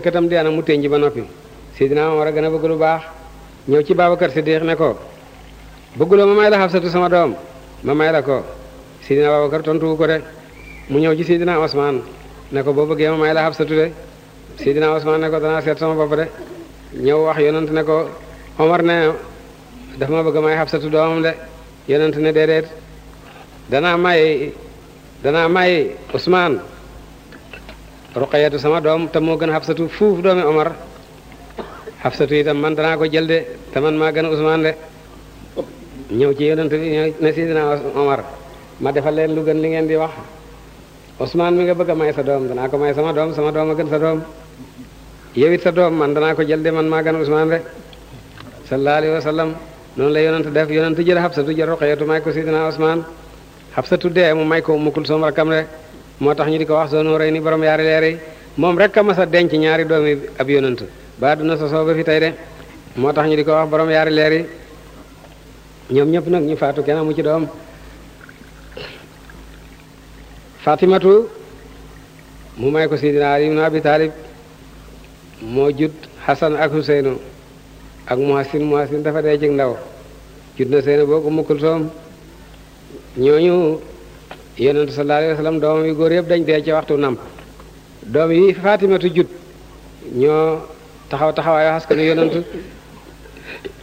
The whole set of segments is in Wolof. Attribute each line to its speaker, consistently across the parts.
Speaker 1: katam di ana mu tënj ba noppi Seydina Omar a gën a bëgg lu baax ñëw ci Babacar Siddiq ne ko bëgguloo ma may la Xafsatu sama doom ma may la ko Seydina Babacar tontu ko de mu ñëw ci Seydina Osman ne ko boo bëggee ma may la Xafsatu de Seydina Osman ne ko danaa seet sama bopp de ñëw wax yonent ne ko Omar ne dafa ma bëgg may Xafsatu doomam de yonent ne déedéet danaa may danaa may Osman ruqayatu sama doom te moo gën xafsatu fuuf doomi omar xafsatu itam man danaa ko jël de te man maa gën usmaan de ñëw ci yonent bi ñëw ne sidina omar ma defal leen lu gën li ngeen di wax usmaan mi nga bëgg a may sa doom danaa ko may sama doom sama doom a gën sa doom yow sa doom man danaa ko jël de man maa gën a usmaan de sallallahu alayhi wa la yonent def yonent jël xafsatu jël ruqayatu may ko sidina usmaan xafsatu dee mu may ko ummukul soom rakam moo tax ñu di ko wax soo nooray ni borom yaari leer moom rek a mas a denc ñaari doomi ab yonant ba na sosoo ba fi tey de moo tax ñu di ko wax borom yaari leer ñoom ñëpp nag ñu faatu kenn amu ci doom fatimatu mu may ko sidina ali ibn abi moo jut xasan ak huseynu ak muhasin muhasin dafa dee cig ndaw jut na seyna boog ummu kulsoom ñooñu yonent sallallahu alayhi wa sallam doomam yu góor yëpp dañ dee ci waxtu namp doom yi Faatimatu jut ñoo taxaw taxawaayu askanu yonent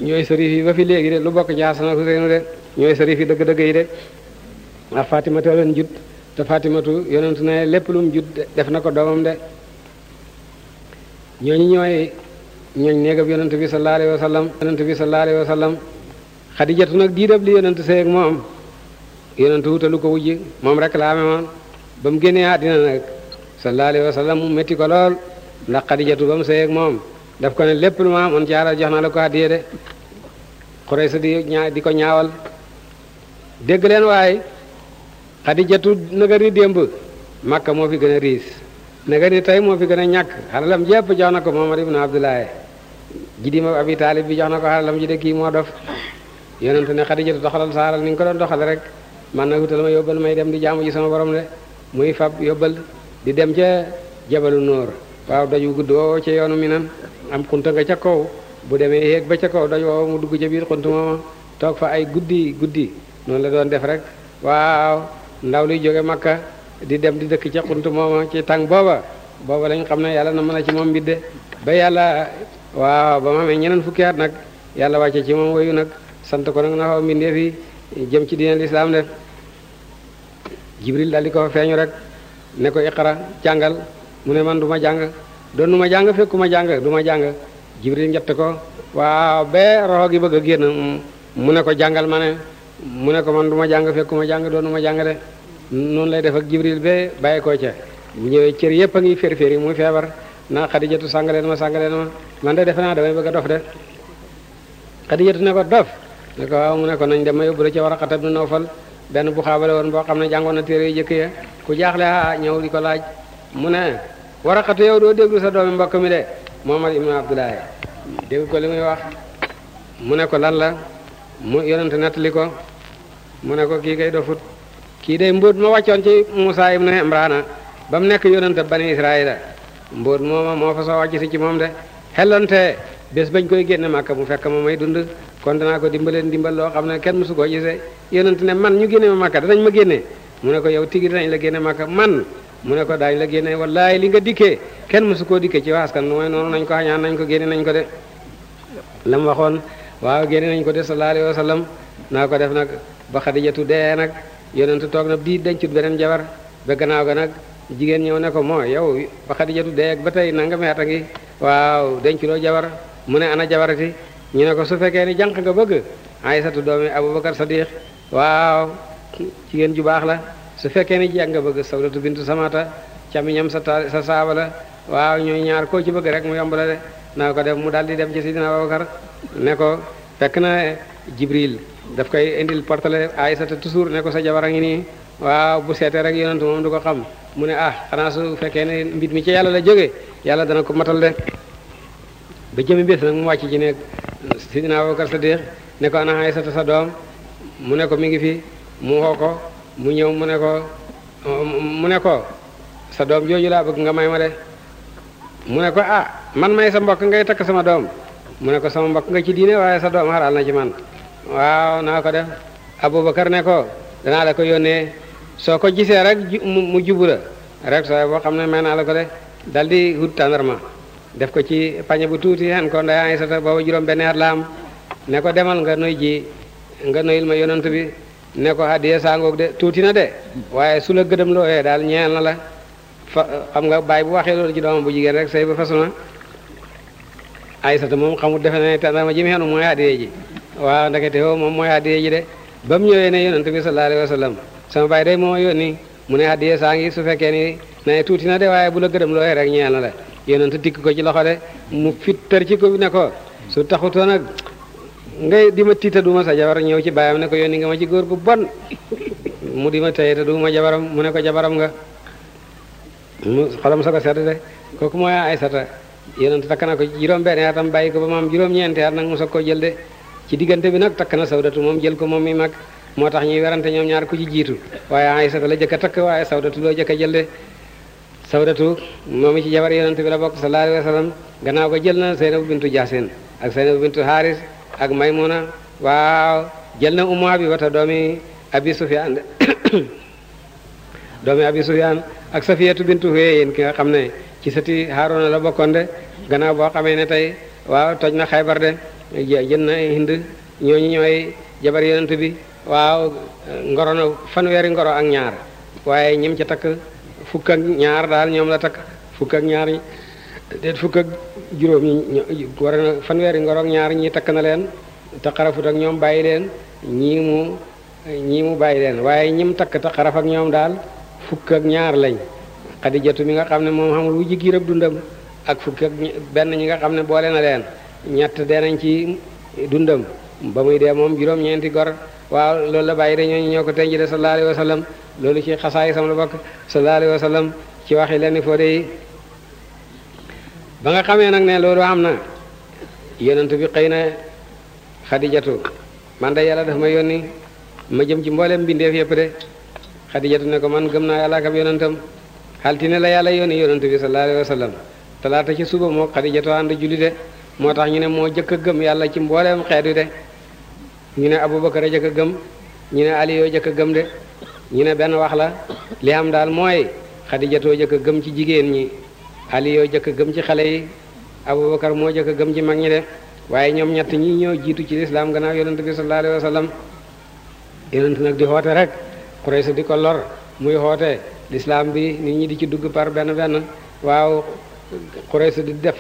Speaker 1: ñooy sërif yi léegi lu bokk ci Hasan ak Huseyn yi dëgg-dëgg yi de ndax Faatimatu leen jut te Faatimatu yonent ne lépp lu mu jut def na ko doomam de ñooñu ñooy ñooñ néegab yonent bi sa alayhi wa sallam yonent bi sallallahu alayhi wa sallam Xadijatu nag diidab li yonent seeg moom yonent wu te lu ko wujj moom rek la amee ba mu génnee àddina nag sallallahu alayhi wa sallam mu métti ko lool ndax xadijatu ba mu sëyeeg moom daf ko ne lépp lu ma mën ci alal jox na la ko àddiye de xuraysa di ñaa di ko ñaawal dégg leen waaye xadijatu nagari démb makka moo fi gën a riis nagari tey moo fi gën a ñàkk xalalam jépp jox na ko Muhammad ibn Abdullahi ji di ma abi taalib bi jox na ko xalalam ji de kii moo dof yonent ne xadijatu doxalal saaral ko doon doxal rek man nag wutal ma yóbbal may dem di jaamu ji sama borom de muy fab yóbbal di dem ca jabalu nóor waaw daju gudd woo ca yoonu mi nan am xunta nga ca kaw bu demee yéeg ba ca kaw daj woo mu dugg ca biir xunt mooma toog fa ay guddi guddi noonu la doon def rek waaw ndaw luy jóge makka di dem di dëkk ca xunt mooma ci tàng booba booba lañ xam ne yàlla na mën a ci moom mbidde ba yàlla waaw ba ma amee ñeneen fukki at nag yàlla wàcce ci moom wayu nag sant ko nag na xaw mbindeef jëm ci diine lislaam def jibril daal di ko feeñu rek ne ko iqara jàngal mu ne man du ma jàng doon nu ma jàng fekku ma jàng du ma jàng jibril njett ko waaw ba roxo gi bëgg a génn mu ne ko jàngal ma ne mu ne ko man du ma jàng fekku ma jàng doon nu ma jàng de noonu lay def ak jibril ba bàyyi koo ce bu ñëwee cër yépp a ngi fér-fér yi muy feebar naa xadijatu sàngaleen ma sàngaleen ma man te defe naa damay bëgg a dof de xadijatu ne ko dof ne ko waaw mu ne ko nañ dem ma yóbbu la ca war a xatab nu benn bu xaabale woon boo xam ne jàngoon na téere yu jëkk ya ku jaaxle aa ñëw di ko laaj mu ne waraqatu yow doo déglu sa doomi mbokk mi de moo Muhammad ibnu Abdullahi dégg ko li muy wax mu ne ko lan la mu yonent nettali ko mu ne ko kii kay dofut kii day mbóot ma wàccoon ci Musaa ibnu Imraana ba mu nekk yonent bani Israayila mbóot mooma moo fa soo wàcc si ci moom de xellante bés bañ koy génne Màkka mu fekk ma may dund kon danaa ko dimbaleen dimbal loo xam ne kenn mësu koo ise yonent ne man ñu génne ma makka danañ ma génne mu ne ko yow tigi danañ la génne makka man mu ne ko daañ la génne wallaay li nga dikkee kenn mësu koo dikkee ci waaskan mooy noonu nañ ko xañaan nañ ko génne nañ ko de la mu waxoon waaw génne nañ ko de sallallahu alayhi wa sallam naa ko def nag ba xadijatu dee nag yonentu toog na di dencut beneen jabar ba gannaaw ga nag jigéen ñëw ne ko moo yow ba xadijatu dee ak ba tey nanga meeta ngi waaw denculoo jabar mu ne ana jabarati ñu ne ko su fekkee ni jànq nga bëgg Aysatu doomi Abubakar Sadiq waaw jigéen ju baax la su fekkee ni jàng nga bëgg Sawdatu bintu Samata camiñam sa sa saaba la waaw ñooy ñaar koo ci bëgg rek mu yomb la de naa ko def mu daal di dem ci Sidina Abubakar ne ko fekk na Jibril daf koy indil portale Aysatu toujours ne ko sa jabar a ngi nii waaw bu seetee rek yonent moom du ko xam mu ne ah xanaa su fekkee ne mbir mi ci yàlla la jógee yàlla dana ko matal de ba jëmi bés na mu wàcc ci ne sidina Abubakar Sadiq ne ko ana Aysata sa doom mu ne ko mi ngi fi mu woo ko mu ñëw mu ne ko mu ne ko sa doom jooju laa bëgg nga may ma de mu ne ko ah man may sa mbokk ngay takk sama doom mu ne ko sama mbokk nga ci diine waaye sa doom xaraal na ci man waaw naa ko def Abubakar ne ko danaa la ko yónnee soo ko jisee rek mu jubura rek sooy boo xam ne may naa la ko de dal di wut ma def ko ci pañe bu tuuti xen ko nday Aysata booba juróom benn at la ne ko demal nga noy ji nga nuyul ma yonant bi ne ko hadiya sangoog de tuuti na de waaye su la gëdëm looyee daal ñeel na la xam nga baay bu waxee loolu ci doomam bu jigéen rek say ba fasu na moom xamul defe ne tàndama ji mu xenu mooy hadiya ji waaw ndekete woo moom mooy hadiya ba mu ñëwee ne yonent bi sallallahu alayhi wa sallam baay day moo mu ne hadiya saa ngi su fekkee ni ne tuuti na de waaye bu la gëdëm looyee rek ñeel na la yonent dikk ko ci loxo de mu fittar ci ko ne ko su taxutoo nag ngay di ma tiita du ma sa jabar ñëw ci baayam ne ko yoon yónni nga ma ci góor gu bon mu di ma tey te du ma jabaram mu ne ko jabaram nga mu xolam sa ko sedd de kooku mooy Aysata yonent takk na ko juróom-benn atam bàyyi ko ba maam juróom-ñeenti at nag mu sa ko jël de ci diggante bi nag takk na sawdatu moom jël ko moom mi mag moo tax ñuy werante ñoom ñaar ku ci jiitu waaye Aysata la jëkk takk waaye sawdatu loo jëkk a jël sawdatu moom ci jabar yonent bi la bokk sallallahu alayhi wa gannaaw ko jël na Seynabu bintu Jaasin ak Seynabu bintu Haris ak Maymuna waaw jël na Ummu Habibata doomi Abi Sufyaan doomi Abi Sufyaan ak Safiyatu bintu Huyayyin ki nga xam ne ci sëti Haaruna la bokkoon de gannaaw boo xamee ne tey waaw toj na Xaybar de jël na Hind ñooñu ñooy jabar yonent bi waaw ngoro na fanweeri ngoro ak ñaar waaye ñim ca takk fukk ñaar daal ñoom la takk fukk ak ñaar ñi déet juróom ñi war fanweeri ngoro ñaar ñii takk na leen te xarafut ak ñoom bàyyi leen ñii mu ñii mu bàyyi leen waaye mu takk te xaraf ak ñoom daal fukk ak ñaar lañ xadijatu mi nga xam ne moom xamul wu jigéen rek dundam ak fukk benn ñi nga xam ne boole na leen ñett dee nañ ci dundam ba muy dee moom juróom-ñeenti gor. waaw loolu la bàyyi de ñooñu ñoo ko tenji de sallallahu alayhi wa sallam loolu ci xasaay sam la bokk sallallahu alayhi wa sallam ci waxi lenn foo de yi ba nga xamee nag ne loolu am na yonentu bi xëy na xadijatu man de yàlla daf ma yónni ma jëm ci mbooleem mbindeef yépp de xadijatu ne ko man gëm naa yàlla ak ab yonentam altine la yàlla yónni yonentu bi sallallahu alayhi wa sallam talaata ci suba moo xadijatu ànd julli de moo tax ñu ne moo jëkk gëm yàlla ci mbooleem xeet wi de ñu ne Abubakar a jëkk gëm ñu ne Ali yoo jëkk a gëm de ñu ne benn wax la li am daal mooy Xadijatoo jëkk a gëm ci jigéen ñi Ali yoo jëkk gëm ci xale yi Abubakar moo jëkk gëm ci mag ñi de waaye ñoom ñett ñi ñoo jiitu ci lislaam gannaaw yonent bi sallallahu alayhi wa sallam yonent nag di xoote rek Quraysh di ko lor muy xoote lislaam bi nit ñi di ci dugg par benn benn waaw Quraysh di def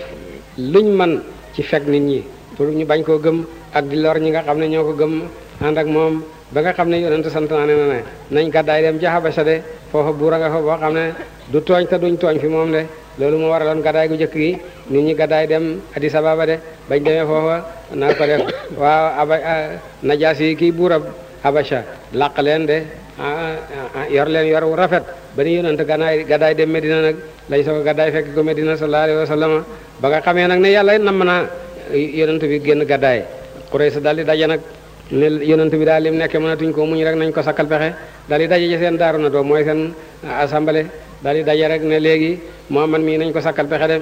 Speaker 1: luñ man ci fekk nit ñi pour ñu bañ koo gëm ak di lor ñi nga xam ne ñoo ko gëm ànd ak moom ba nga xam ne yonent santaane na ne nañ gàddaay dem ja Habasha de foofa buura nga fa boo xam ne du tooñ te duñ tooñ fi moom de loolu moo loon gàddaay gu njëkk gi nit ñi gàddaay dem Addis Ababa de bañ demee foofa naa ko def waaw aba ah, najaas yi kii buurab Habasha làq leen de ah, ah, yor leen yor wu rafet ba ni yonent gànnaay gàddaay dem Medina nag lañ ko gàddaay fekk ko Medina sallallahu alayhi wa sallam ba nga xamee nag ne yàlla namm naa yonent bi génn gàddaay Quraysh daal di daja nag ne yonent bi daal lim nekkee mënatuñ ko ñu rek nañ ko sakkal pexe daal di daje ci seen daaru na doo mooy seen ah, assemblée daal di daje rek ne léegi moo man mii nañ ko sakkal pexe de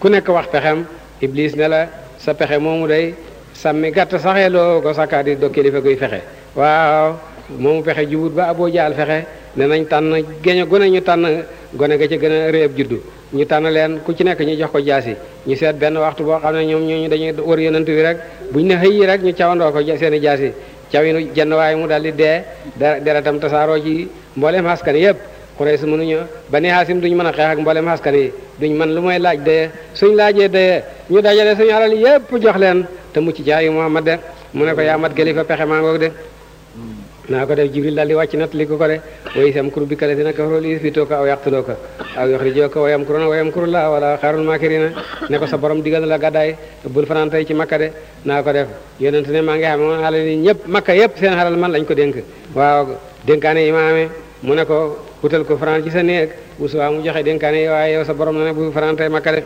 Speaker 1: ku nekk wax pexem Iblis ne la sa pexe moomu day sàmmi gàtt saxee loo ko sakkaa di do kilifa guy fexe waaw moomu pexe jubut ba aboo jaal fexe ne nañ tànn géño gone ñu tànn gone ga ca gën a réeb juddu ñu tànn leen ku ci nekk ñu jox ko jaas yi ñu seet benn waxtu boo xam ne ñoom ñooñu dañuy wër yonent bi rek ñu ne xëy yi rek ñu cawandoo ko seeni jaasi cawinu jenn waaye mu daal di dee deretam tasaaroo ci mbooleem askan yépp Quraysh mënuñu Bani Haasim duñ mën a xeex ak mbooleem askan yi duñ mën lu mooy laaj dayee suñ laajee dayee ñu dajale suñu alal yépp jox leen te mucc ci ayu Muhammad de mu ne ko yaa mat kilifa pexe maa ngoog de naa ko def jibril daal di wàcc natt li ko de way sam kur bi kale sa borom digal la gàddaay bul fanaan ci makka de naa ko def yonente ne maa ngi xam ñëpp makka yëpp man lañ ko dénk waaw dénkaane yi ma amee mu ne ko wutal ko fanaan ci sa néeg usuwaa mu joxe dénkaane yi waaye yow sa borom na ne bu fanaan tey makka de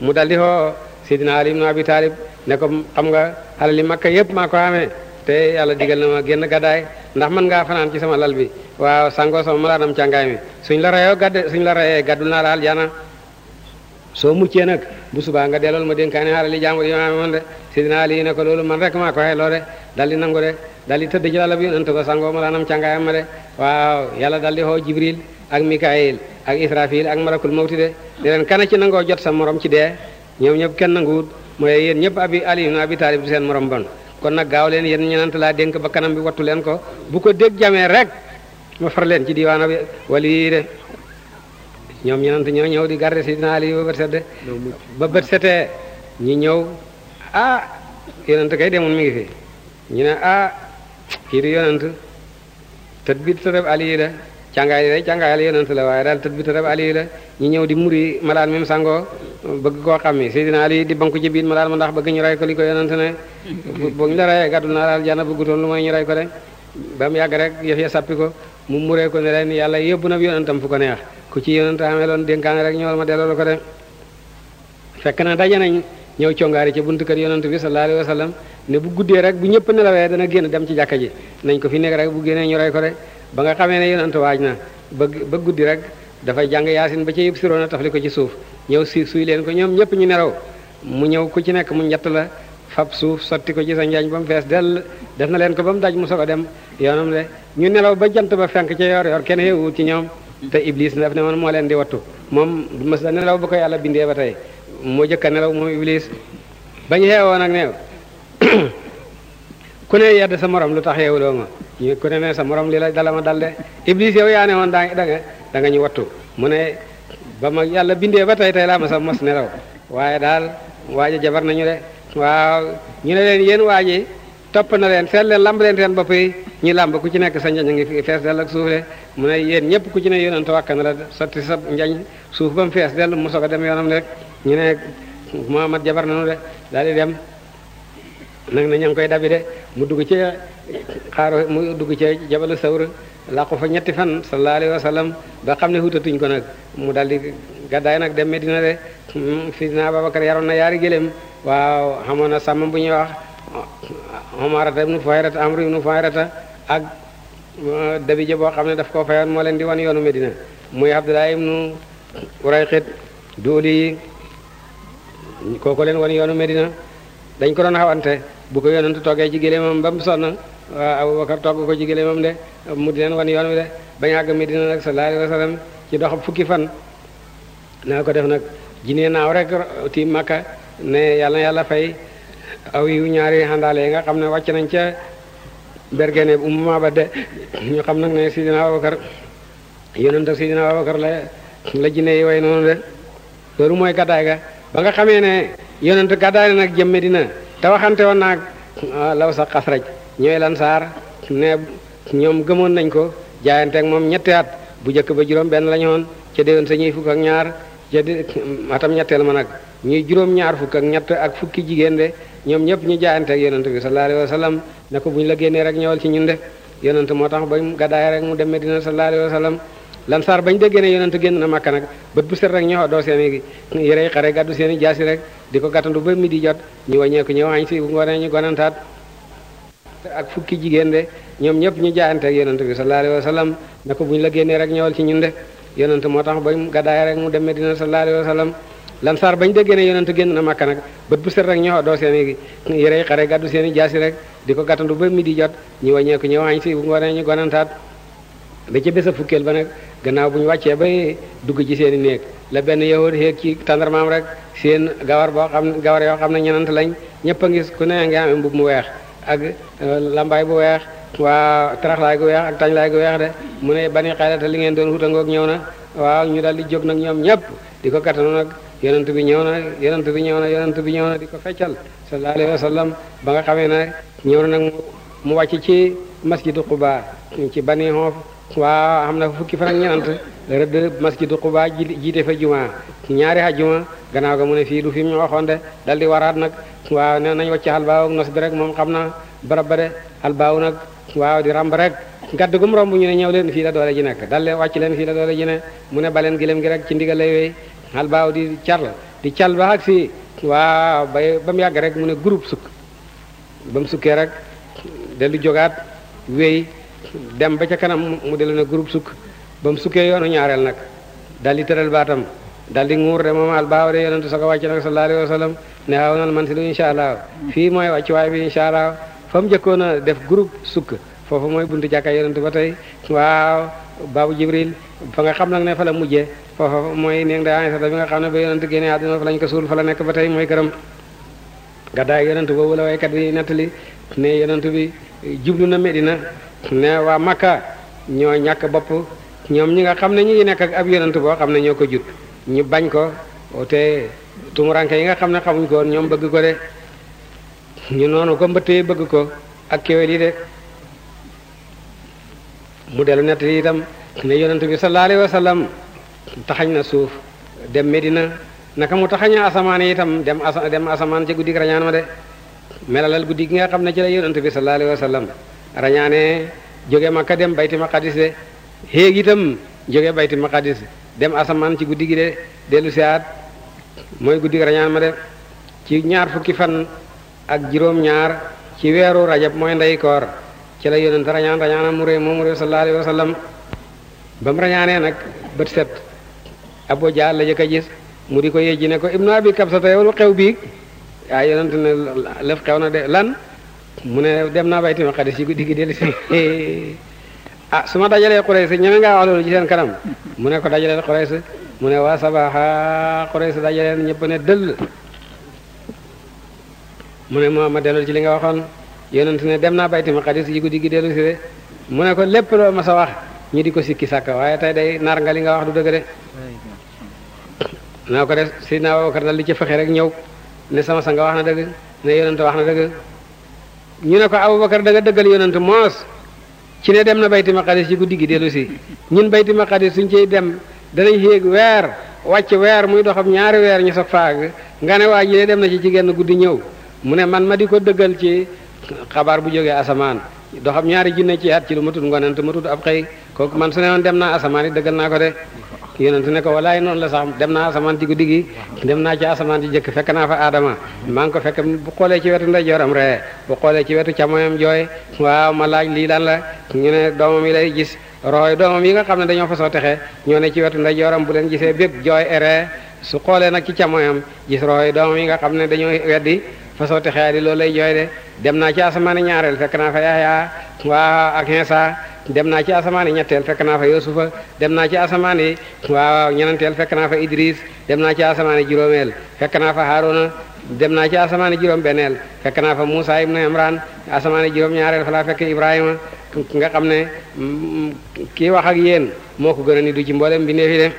Speaker 1: mu daldi xoo sidina ali ibn abi talib ne ko xam nga xalali makka yëpp maa ko amee te yàlla digal na ma génn gàddaay ndax mën ngaa fanaan ci sama lal bi waaw sangoo sama malaanam càngaay mi suñ la rayoo gadde suñ la rayee gaddul naa laal soo muccee nag bu subaa nga dellool ma dénkaane xaalali jàmbur yi ma de sidina Ali ne ko loolu man rek maa ko xeloo de dal di nangu de dal di tëdd ci lal bi yonent ba sangoo malaanam càngaayam ma de waaw yàlla dal di xoo ak Mikaayil ak Israfil ak malakul mawti de ne leen kana ci nangoo jot sa morom ci de ñoom ñëpp ken nanguwut mooy yéen ñëpp abi Ali ibn Abi Talib seen morom bon kon nag gaaw leen yéen ñenant laa dénk ba kanam bi wattu leen ko bu ko dégg jamee rek ma far leen ci diwaana bi wala yii de ñoom ñenant ñoo ñëw di garde Sidina Ali ba bët sedd ba bët setee ñi ñëw ah yonent kay demoon mi ngi fi ñu ne ah kii du yonent tët bi tërëb Ali la càngaay day yeneen yonent la waaye daal tët bi tërëb Ali la ñi ñëw di muri malaan même sangoo bëgg koo xam ni Seydina Ali di banku ci biir ma daal ma ndax bëgg ñu rey ko li ko yonante ne bu ñu la reyee gàddu naa daal jànna bëggutoon lu mooy ñu rey ko de ba mu yàgg rek yëf ya ko mu muree ko ne leen yàlla yóbbu na yonantam fu ko neex ku ci yonante xamee loon dénkaane rek ñëwal ma delloo la ko fekk na daje nañ ñëw congaari ci buntu kër yonante bi sallallahu alayhi wa sallam ne bu guddee rek bu ñëpp nelawee dana génn dem ci jàkka ji nañ ko fi nekk rek bu génnee ñu rey ko de ba nga xamee ne yonante waaj na ba ba guddi rek dafay jàng yaasin ba ci yëpp siroona tafli ko ci suuf ñëw si suy leen ko ñoom ñëpp ñu nelaw mu ñëw ku ci nekk mu njett la fab suuf sotti ko ci sa njaañ ba mu fees dell def na leen ko ba mu daj mu soog a dem yoonam le ñu nelaw ba jant ba fenk ca yor yor kenn yeewut ci ñoom te na daf ne man moo leen di wattu moom mas da nelaw ba ko yàlla bindee ba tey moo jëkka nelaw moom iblis bañ xeewoo nag ne ku ne yedd sa morom lu tax yeewuloo ma ñu ku ne ne sa morom li la dala ma dal de iblis yow daa da nga ba ma yàlla bindee ba tey tey laa ma sa mos nelaw waaye daal waaje jabar nañu de waaw ñu ne leen yéen waaje topp na leen seet leen lamb leen seen bopp yi ñu làmb ku ci nekk sa njañ a ngi fees dell ak suuf de mu ne yéen ñëpp ku ci ne te wàkka na la sotti sa njañ suuf ba mu fees dell mu soog a dem yoonam rek ñu ne Muhammad jabar nañu de daal di dem nag na ña ngi koy dabi de mu dugg ci xaaru mu dugg ci jabalu sawra làqu fa ñetti fan sallallahu alayhi wa sallam ba xam ne hutatuñ ko nag mu daldi gàddaay nag dem Medina de fi hmm, naa Babacar yaroon na yaari gëléem waaw xamoon na sàmm bu ñuy wax Umarata ah, ibnu Fuhayrata Amru ibnu ak ah, dabije boo xam ne daf koo fayoon moo leen di wan yoonu Medina muy Abdullah ibnu Urayqit duuli yi kooku leen wan yoonu Medina dañ ko doon xawante bu ko yonentu toogee ci gëléemam ba mu sonn waaw Abubakar togg ko ci gëléemam de mu di leen wan yoon wi de bañ àgg Medina nag sallallahu alayhi ci dox fukki fan naa ko def nag jinee naaw rek ti yàlla yàlla fay aw ñaari xandaale yi nga xam ne wàcc nañ ca bergene ba de xam nag ne Sidina Abubakar yonente Sidina Abubakar la la jinne yi way noonu de mooy gàddaay ga ba nga xamee ne yonente gàddaay nag jëm Medina te waxante woon naag ah, law sa rek ñooy lansaar ne ñoom gëmoon nañ ko jaayanteeg moom ñetti at bu njëkk ba juróom benn lañu woon ca déwén sa ñuy fukk ak ñaar ca di atam ñetteel ma nag ñuy juróom ñaar fukk ak ñett ak fukki jigéen de ñoom ñëpp ñu jaayanteeg yonent bi sallallahu alayhi wa sallam ko bu ñu la génnee rek ñëwal ci ñun de yonent moo tax ba mu gàddaay rek mu dem Medina sallallahu alayhi wa sallam lansaar bañ déggee ne yonent génn na Makka nag bët bu set rek ñu xoddoo seen i yërey xare gàddu seen i jaasi rek di ko gàttandu ba midi jot ñu wàññeeku ñëw añ si bu ngoonee ñu gonantaat ak fukki jigéen de ñoom ñëpp ñu jaayante ak yonent bi sallallahu alayhi wa sallam ne ko bu ñu la génnee rek ñëwal ci ñun de yonent moo tax ba mu gàddaay rek mu dem Medina sallallahu alayhi wa sallam lan saar bañ déggee ne yonent génn na Makka nag bët bu set rek ñu xoddoo seen i yérey xare gàddu seen i jaasi rek di ko gàttandu ba midi jot ñu wàññeeku ñëw añ si bu ngoonee ñu gonantaat ba ca bés a fukkeel ba nag gannaaw bu ñu wàccee ba dugg ci seen néeg la benn yahud xeeg ci tàndarmaam rek seen gawar boo xam gawar yoo xam ne ñenant lañ ñëpp a ngis ku ne nga mbub mu weex ak euh, lambaay bu weex waaw taraxlaay gu weex ak laay gu weex de mu ne bani xaylata li ngeen doon wutangoog ñëw na waa ñu daal di jóg nag ñoom ñëpp di ko kattanu nag yonent bi ñëw na yonent bi ñëw na yonent bi ñëw na di ko feccal sallallahu alayhi ba nga xamee ne ñëw na nag mu wàcc ci masjidu Quba ci bani xoof waaw xam na fukki fan ak ñeent rëdd masjidu Quba jiite fa juma ñaari ajuma gannaaw ga mu ne fii du fi mu waxoon de dal di waraat nag waaw ne nañ wàcc albaaw ak nos bi rek moom xam na barab ba de albaaw nag waaw di ramb rek gàdd gum romb ñu ne ñëw leen fii la doole ji nekk dal leen wàcc leen fii la doole ji ne mu ne baleen gilem gi rek ci ndigal lay wéy baaw di cal di cal ba ak fii waaw ba ba mu yàgg rek mu ne groupe sukk ba mu sukkee rek dellu jogaat wéy dem ba ca kanam mu dellu ne sukk ba mu sukkee yoonu ñaareel nag dal di tëral baatam dal di nguur de moom albaaw de yonentu sa ko wàcc nag sallallahu alayhi wa sallam ne waaw nal man si lu incha allah fii mooy wàccuwaay bi incha allah fa mu njëkkoon a def groupe sukk foofu mooy buntu jàkkaay yonentu ba tey waaw baabu jibril fa nga xam nag ne fa la mujjee foofa mooy néeg da Aysa bi nga xam ne ba yonentu génne àdduna fa lañ ko suul fa la nekk ba tey mooy këram gaddaay yonentu boobu la waykat bi nettali ne yonentu bi jublu na Medina ne waa Makka ñoo ñàkk bopp ñoom ñi nga xam ne ñu nekk ak ab yonent boo xam ne ñoo ko jut ñu bañ ko te tumuranke yi nga xam ne xamuñ ko ñoom bëgg ko de ñu noonu ko mbëttee bëgg ko ak kéwél yi de mu dellu nett li itam ne yonent bi sallallahu alayhi wa sallam taxañ na suuf dem Medina naka mu taxaña asamaan itam dem asa dem asamaan ci guddi rañaan ma de melalal guddi gi nga xam ne ci la yonent bi sallallahu alayhi wa sallam rañaane jóge Makka dem bayti de xéeg itam jógee bayti maqadis dem asamaan ci guddi gi de dellu siaat mooy guddi rañaan ma de ci ñaar fukki fan ak juróom-ñaar ci weeru rajab mooy ndey ci la yonent rañaan rañaana mu réy moomu réy sallallahu alayhi wa sallam ba mu rañaanee nag bët set abo la jëkk gis mu di ko yejji ne ko ibnu abi kabsata yow lu xew bii waaye yonent ne lëf xew na de lan mu ne dem naa bayti maqadis ci guddi gi dellu si ah su ma dajalee Quraysh ñeme ngaa wax loolu ci seen kanam mu ne ko dajaleen Quraysh mu ne waa sabaxa Quraysh dajaleen ñëpp ne dëll mu ne moo ma dellul ci li nga waxoon yonent ne dem naa bayti maqadis yi guddi gi dellu si de mu ne ko lépp loo ma sa wax ñu di ko sikki sàkka waaye tey day nar nga li nga wax du dëgg de naa ko def Seydina Abubakar dal li ci fexe rek ñëw ne sama nga wax na dëgg ne yonent wax na dëgg ñu ne ko Abubakar da nga dëggal yonent moos ci ne dem na bayti maqadis ci guddi gi dellu si ñun bayti maqadis suñ ciy dem danañ yéeg weer wàcc weer muy doxam ñaari weer ñu sa faag nga ne waa ji ne dem na ci ci genn guddi ñëw mu ne man ma di ko dëggal ci xabaar bu jógee asamaan doxam ñaari junne ci at ci lu matut ngonent matut ab xëy kooku man su ne woon dem naa asamaan yi dëggal naa ko de yonent ne ko walaay noonu la sax dem naa asamaan ci guddi dem naa ci asamaan jëkk fekk naa fa aadama maa ngi ko fekk bu xoolee ci wetu ndeyjooram ree bu xoolee ci wetu càmmoñam jooy waaw ma laaj lii lan la ñu ne doomam yi lay gis rooy doomam yi nga xam ne dañoo fasoo texee ñoo ne ci wetu bu leen gisee bépp jooy e su xoolee nag ci càmmoñam gis rooy doomam yi nga xam ne dañoo weddi fasoo texee di loolu lay jooy de dem naa ci asamaan ñaareel fekk naa fa Yaxya waaw ak Iisaa dem naa ci asamaan yi ñetteel fekk naa fa Yusufa dem naa ci asamaan yi waaw ñenenteel fekk naa fa Idris dem naa ci asamaan yi juróomeel fekk naa fa Haruna dem naa ci asamaan yi juróom-benneel fekk naa fa Musa ibnu na asamaan yi juróom-ñaareel fa laa fekk Ibrahima nga xam ne mm, mm, kii wax ak yéen moo ko gën a nit du ci mboolem bi ne de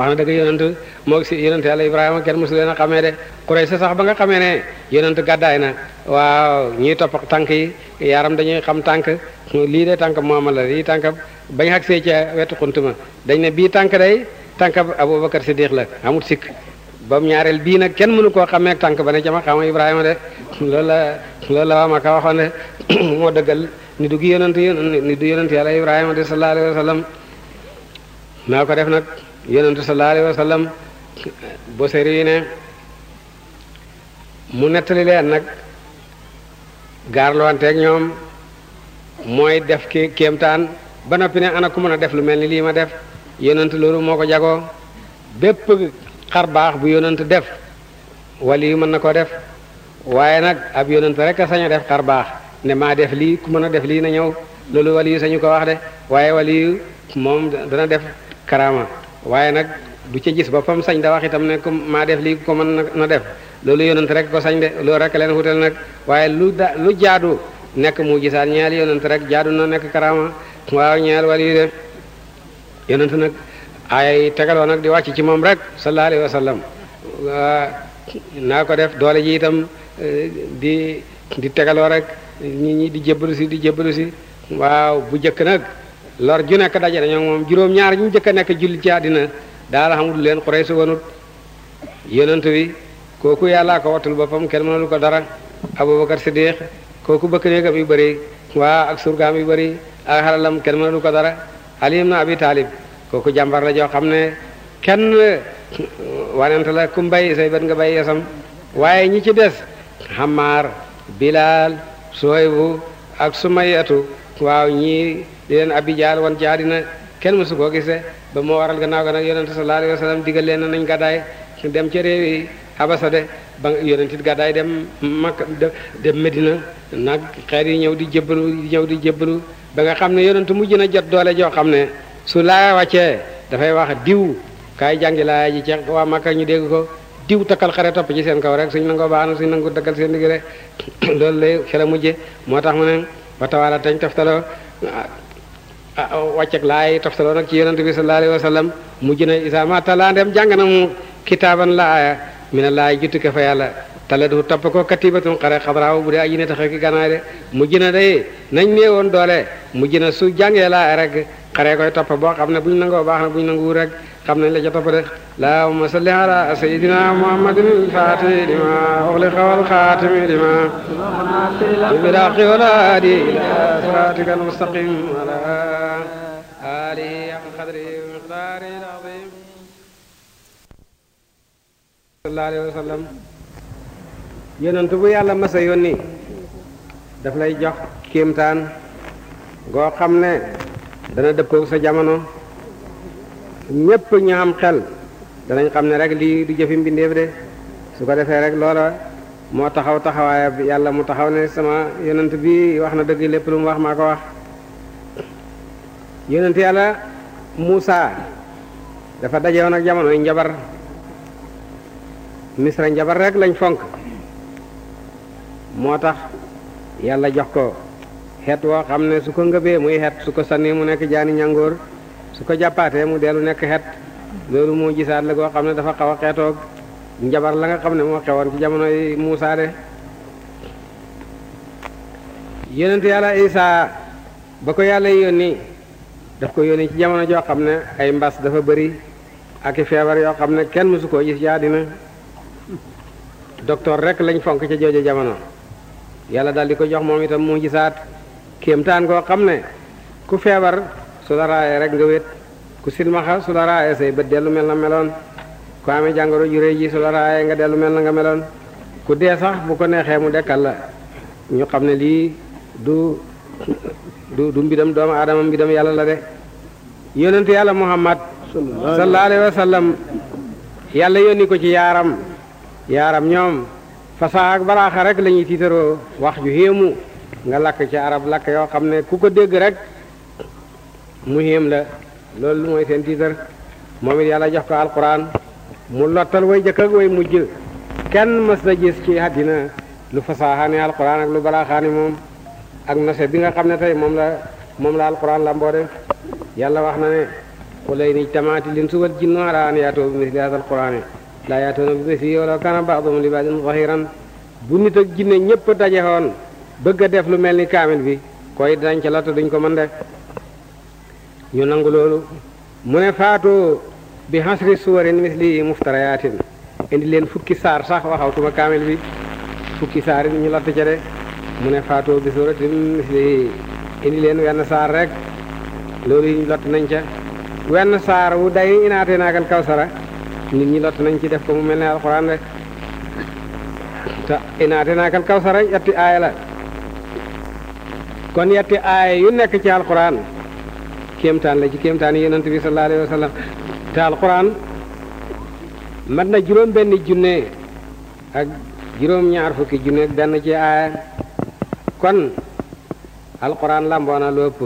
Speaker 1: wax na dëgg yonent moo si yonent yàlla Ibrahima kenn mosu leen a xamee de Quraysh sax ba nga xamee ne yonent gàddaay na waaw ñiy topp tànk yi yaaram dañuy xam tànk lii de tànk Muhammad la lii tànk bañ ak see ca wetu xuntuma dañ ne bii tànk day tànk Abubakar Siddiq la amut sikk ba ñaareel bii nag kenn mënu koo xamee tànk ba ne ca ma xama Ibrahima de loolu la loolu la waa waxoon de moo dëggal ni du gi yonent ni du yonent yàlla Ibrahima de sallallahu alayhi wa sallam ko def nag yonentu sallallahu alayhi wa sallam boseri yi ne mu nettali leen nag gaarlowanteeg ñoom mooy def ki kéemtaan ba noppi ne ana ku mën a def lu mel ni lii ma def yonent loolu moo ko jagoo bépp xar baax bu yonent def wali yu mën na ko def waaye nag ab yonent rek a sañ def xar baax ne maa def lii ku mën a def lii na ñëw loolu wali sañu ko wax de waaye wali yu moom dana def karaama waaye nag du ca gis boppam sañ da wax itam ne ko maa def lii ko mën na def loolu yonent rek ko sañ de loolu rek leen wutal nag waaye lu lu jaadu nekk mu gisaat ñeel yonent rek jaadu na nekk karaama waaw ñeel wala yu de yonent nag ay tegaloo nag di wàcc ci moom rek sallallahu alayhi wa sallam naa ko def doole ji itam eh, di di tegaloo rek ñi ñi di jébbalu si di jébbalu si waaw bu jëkk nag lor ju nekk daje nañoo moom juróom-ñaar ñu njëkk a nekk julli ci àddina daara xamul leen xurey si wanut yonent bi kooku yàllaa ko wattul boppam kenn mënalu ko dara abubakar siddiq kooku bëkk néegam yu bëri waa ak surgaam yu bëri ak xalalam kenn mënalu ko dara ali ibn kooku jàmbar joo xam ne kenn la kum bay say bët nga bay yasam waaye ñi ci des xamaar bilaal soybu ak sumayatu waaw ñi di leen abi jaal wan jaarina kenn mësu koo gisee ba moo waral gannaaw ga nag yonente sallallahu alayhi wa sallam digal leen nañ gàddaay dem ca réew yi habasa de ba yonent it gàddaay dem Makka dem Medina nag xeer yi ñëw di jébbalu di di jébbalu ba nga xam ne yonent mujj na jot doole joo xam ne su laaya wàccee dafay wax diw kaay jàngi laaya ji ci waa Makka ñu dégg ko diw takkal xare topp ci seen kaw rek suñ nangoo baax na suñ nangoo takkal seen digg rek loolu lay xela mujje moo tax mu ne ba tawaala tañ taftaloo Ah, ah, wàcceg laay toftaloo nag ci yonente bi sallallahu alayhi wa sallam mujj na isa ma tala ndem jàng na mu kitaaban la aya mi ne laay jutti ka fa yàlla tala du topp ko katibatun xare xadraaw bu dee aji ne taxe ki ganaay de mujj na day nañ woon doole mu mujj na su jàngee laaya rek xare koy topp boo xam ne bu ñu nangoo baax na bu ñu rek xam nañ la ca topp de laahumma salli ala sayidina muhammadin alfaatihi lima ughliqa wal xaatimi lima bilhaqqi wal haadi ila siraatika almustaqim ala alihi haqqa qadrihi wa miqdaarihi al-azim sallallahu bu yàlla mas a yónni daf jox kéemtaan goo xam ne dana dëppoo sa jamono ñépp ñu am xel danañ xam ne rek lii du jëfi mbindeef de su ko defee rek loola moo taxaw taxawaaya yàlla mu taxaw ne sama yonent bi wax na dëgg lépp lu mu wax maa ko wax yonent yàlla Muusa dafa dajewoon ak jamonoy njabar misra njabar rek lañ fonk moo tax yàlla jox ko xeet woo xam ne su ko ngëbee muy xet su ko sànni mu nekk jaani ñàngoor su ko jàppaatee mu dellu nekk xet loolu moo gisaat la koo xam ne dafa xaw a xeetoog njabar la nga xam ne moo xewoon ci jamonoy Muusaa de yonent yàlla ba ko yàlla yónni daf ko yónni ci jamono joo xam ne ay mbas dafa bëri ak i feebar yoo xam ne kenn mësu koo gis ci àddina docteur rek lañ fonk ca jooju jamono yàlla daal di ko jox moom itam mu gisaat kéemtaan koo xam ne ku feebar su la raayee rek nga wét ku silmaxa su la raayee say bët dellu mel na meloon ku amee jàngoro ju ji su la nga dellu mel na nga meloon ku dee sax bu ko neexee mu dekkal la ñu xam ne lii du du du mbidam doomu aadama mbidam yàlla la de yonent yàlla muhammad sallallahu alayhi wa sallam yàlla yónni ko ci yaaram yaaram ñoom fasaa ak baraaxa rek la wax ju héemu nga lakk ci arab lakk yoo xam ne ku ko dégg rek mu yéem la loolu mooy seen tiitar moom it yàlla jox ko alquran mu lottal way jëkk ak way mujj kenn mës na gis ci àddina lu fasaaxaani alquran ak lu balaaxaani moom ak nose bi nga xam ne tey moom la moom la alquran la mboo def yàlla wax na ne xulay ni tamaati lin suwal jinnu ala an yaatoo bi misli haadal quran laa yaatoona bi misli yow law kaana ba'duhum li ba'din zahiran bu nit ak jinne ñëpp daje bëgg a def lu mel ni kaamil bi koy dinañ ca lott ko mën def ñu nangu loolu mu ne faatu bi hasri suwarin misli muftarayaatin indi leen fukki saar sax waxawtuma kaamil bi fukki saar yi ñu latt ca de mu ne faatu bi suratin misli indi leen wenn saar rek loolu yi ñu lott nañ ca wenn saar wu day inaatee naakal kawsara nit ñi lott nañ ci def ko mu mel ne alxuraan rek te inaatee naakal kawsara yatti aaya la kon yatti aaya yu nekk ci alxuraan kéemtaan la ci kéemtaan yonent bi sallallahu alayhi te alquran mat na juróom benn junne ak juróom ñaar fukki junne ak benn ci aaya kon alquran lamboo na lu ëpp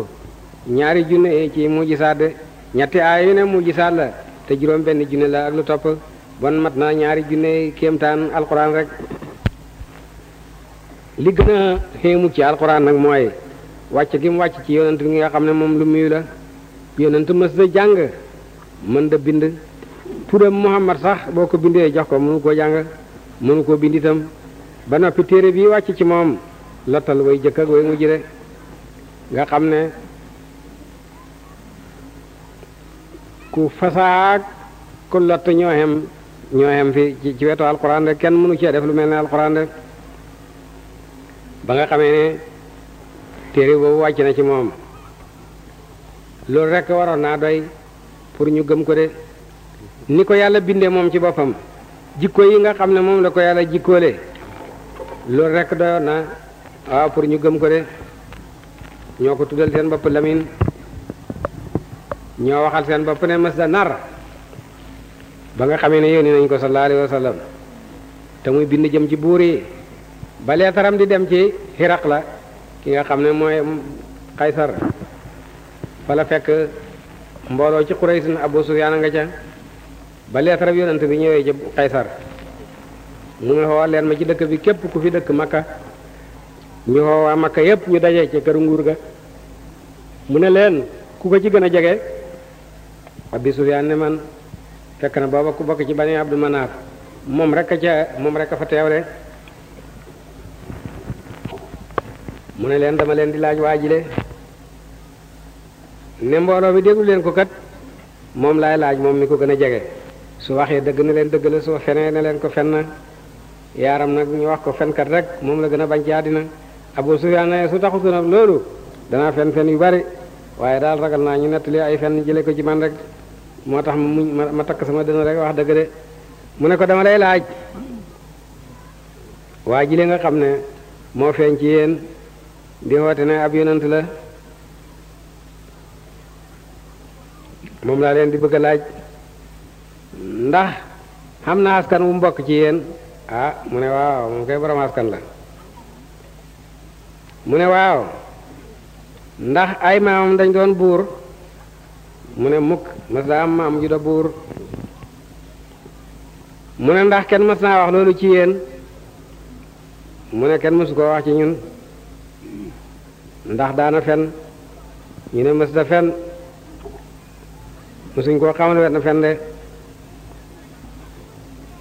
Speaker 1: ñaari junne yi ci mujjisaat de ñetti aaya yu ne mujjisaat la te juróom benn junne la ak lu topp bon mat na ñaari junne kéemtaan alquran rek li gën a xéemu ci alquran nag mooy wàcc gi wàcc ci yonent bi nga xam ne moom lu muy la yonent mës da jàng mën da bind turam Muhammad sax boo ko bindee jox ko mënu koo jàng mënu koo bind itam ba noppi téere bii wàcc ci moom lottal way jëkk ak way mujj de nga xam ne ku fasaak ku lott ñoo xem ñoo xem fi ci wetu alxuraan kenn mënu cee def lu mel ne alxuraan de ba nga xamee ne téere boobu wàcc na ci moom loolu rek waroon naa doy pour ñu gëm ko de ni ko yàlla bindee moom ci boppam jikko yi nga xam ne moom la ko yàlla jikkoole loolu rek doyoon na waaw pour ñu gëm ko de ñoo ko tuddal seen bopp lamin ñoo waxal seen bopp ne mas da nar ba nga xamee ne yónni nañ ko sallallahu alayhi wa te muy bind jëm ci buur yi ba leetaram di dem ci xiraq la ki nga xam ne mooy Kaysar fa la fekk mbooloo ci Quraysin Abu Sufyaan nga ca ba leetar bi yonent bi ñëwee ci Kaysar mu ne xoo leen ma ci dëkk bi képp ku fi dëkk Makka ñu xoo waa Makka yépp ñu daje ci këru nguur ga mu ne leen ku ko ci gën a jege Abi Sufyaan ne man fekk na booba ku bokk ci Bani Abdu Manaaf moom rek a ca moom rek a fa teewle mu ne leen dama leen di laaj waa waajile ne mbooloo bi déglu leen ko kat moom laay laaj moom mi ko gën a jege su waxee dëgg na leen dëgg la soo fenee na leen ko fen na yaaram nag ñu wax ko fenkat rek moom la gën a bañ ci àddina Abu su taxutu nag loolu danaa fen yu bari waaye daal ragal naa ñu nettali ay fen jële ko ci man rek moo tax ma ma takk sama dëna rek wax dëgg mu ne ko dama lay laaj waa ji nga xam ne moo feeñ ci yéen di woote ne ab yonent la moom laa leen di bëgg a laaj ndax xam na askan wu mbokk ci yéen ah mu ne waaw moom koy borom askan la mu ne waaw ndax ay maamam dañ doon buur mu ne mukk mas daa am maam ju buur mu ne ndax kenn mës naa wax loolu ci yéen mu ne kenn mësu koo wax ci ñun ndax daana fen ñu ne mës da fen mosuñ koo xamal wet na fen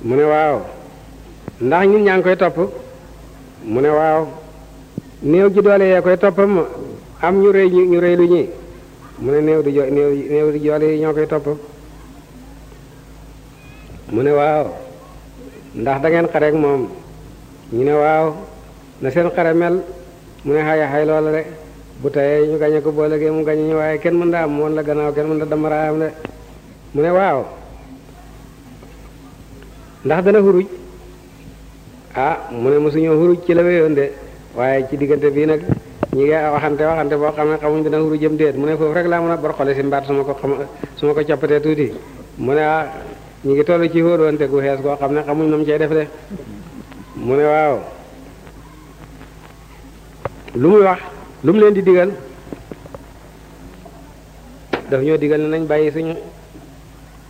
Speaker 1: mu ne waaw ndax ñun ñaa ngi koy topp mu ne waaw néew ji doole yee koy toppam am ñu rëy ñu rëy lu ñi mu ne néew di jo néew di joole yi ñoo koy topp mu ne waaw ndax da ngeen moom ñu ne waaw na seen xare mel mu ne xay xay loola bu tayee ñu gañe ko boo léegi mu gañe ñu waaye kenn mën da am woon la gannaaw kenn mën da damaraayam de mu ne waaw ndax dana xuruj ah mu ne mosuñoo xuruj ci la wéyoon de waaye ci diggante bii nag ñi nga waxante waxante boo xamee xamuñ dana xuru jëm déet mu ne foofu rek laa mën a bor si mbaat su ma ko xam su ma ko coppatee tuuti mu ne ah ngi toll ci xóodoonte gu xees koo xam ne xamuñ nam cey def de mu ne waaw lu muy wax lu mu leen di digal daf ñoo digal ne nañ bàyyi suñ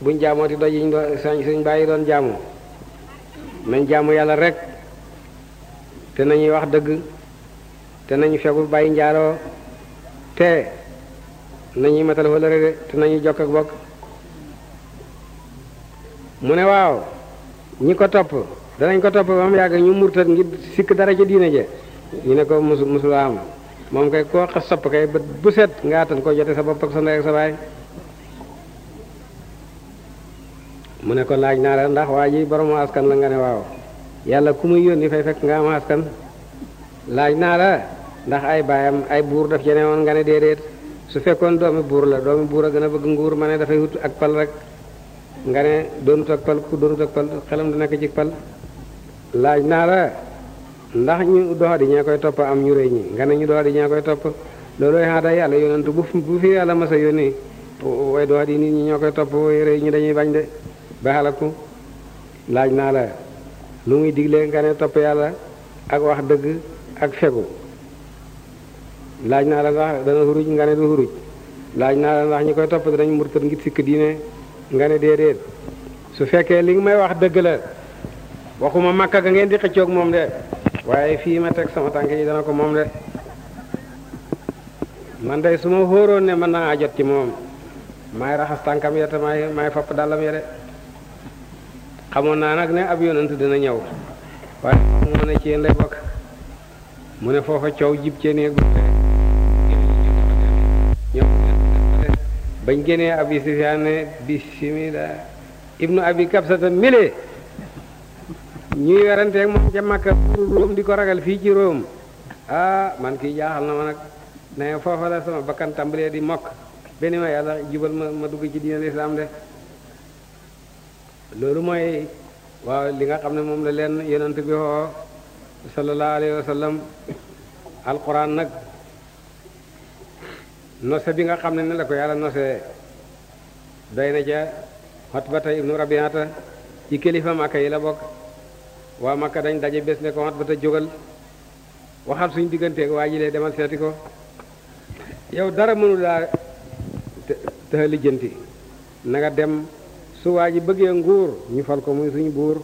Speaker 1: buñ jaamooti doj yiñ doon suñ bàyyi doon jaamu nañ jaamu yàlla rek te nañuy wax dëgg te nañuy fegu bàyyi njaaroo te nañuy matal wëlëre de te nañuy jokk ak bokk mu ne waaw ñi ko topp danañ ko topp ba mu yàgg ñu murtat ngir sikk dara ca diine je ñu ne ko musu musulaa am moom kay koo xas sopp kay bët bu set nga attan ko jote sa bopp ak sa ndey ak sa baay mu ne ko laaj naa la ndax waa ji boromu askan la nga ne waaw yàlla ku muy yi fay fekk nga am askan laaj naa la ndax ay baayam ay buur daf jene woon nga ne déedéet su fekkoon doomi buur la doomi buur a gën a bëgg nguur ma ne dafay wut ak pal rek nga ne doonut ak pal ku doonut ak pal xelam dana ko jig pal laaj naa la ndax ñu doxadi ñee koy topp am ñu rëy ñi nga ne ñu doxadi ñee koy topp loolooy xaada yàlla yonent bu fi yàlla masa yónni way doxadi nit ñi ñoo koy topp ñi dañuy bañ de laaj naa la lu muy digle nga topp yàlla ak wax dëgg ak fegu laaj naa la ndax dana xuruj nga ne du xuruj laaj naa la ndax ñi koy topp danañ murtat ngir sikk diine nga ne déedéet su fekkee li nga may wax dëgg la waxuma makka ga ngeen di xëccoog moom de waaye fii ma teg sama tànk yi dana ko moom le man day su ma xóoroon ne mën naa jot ci moom maay raxas tànkam ya te maay maay fopp dàllam ya de xamoon naa nag ne ab yonent dina ñëw waaye moo mu ne foofa coow jib cee néeg ba bañ génnee abi sufyaan ne bismillah ibnu abi kabsata mile ñuy weranteeg moom ca Makka Róom di ko ragal fii ci Róom ah man kii jaaxal na ma nag ne foofa la sama bakkan tàmbalee di mokk benn ma yàlla jubal ma dugg ci diine lislaam de loolu mooy waaw li nga xam ne moom la leen yonent bi xoo sallallahu alayhi wa sallam alquran nag nose bi nga xam ne na la ko yàlla nose doy na ca xot ba tey ibnu rabiata ci kilifa Makka yi la bokk waa Makka dañ daje bés ne ko mat ba ta jógal waxal suñ digganteeg waa ji lee demal seeti ko yow dara mënu laa tëxa lijjanti na nga dem su waa ji bëggee nguur ñu fal ko muy suñu buur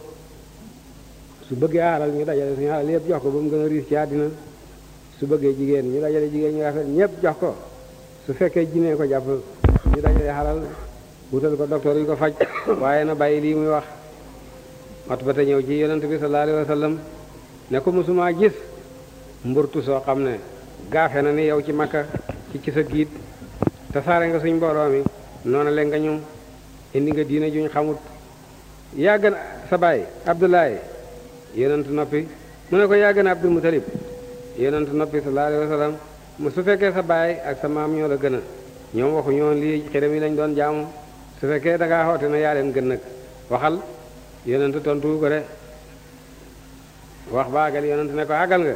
Speaker 1: su bëggee alal ñu dajale suñu alal yëpp jox ko ba mu gën a riis ci àddina su bëggee jigéen ñu dajale jigéen ñu rafet ñëpp jox ko su fekkee jinee ko jàpp ñu dajale xalal wutal ko docteur yi ko faj waaye na bàyyi lii muy wax Utbata ñëw ci yonent bi sa alayhi wa sallam ne ko musumaa gis mburtu soo xam ne gaafe na ni yow ci makka ci ci sa giit te saare nga suñ mbooloo mi noona leen nga ñu indi nga diina juñ xamut yaa gën sa baay Abdoulaye yonent noppi mu ne ko yaa gën Abdul Mutalib yonent noppi sallallahu alayhi wa sallam mu su fekkee sa baay ak sa maam ñoo la gën a ñoom waxu ñoon lii xidam yi lañ doon jaamu su fekkee da ngaa xoote na yaa leen gën nag waxal yonent tontu ko de wax ba àggal yonent ne ko àggal nga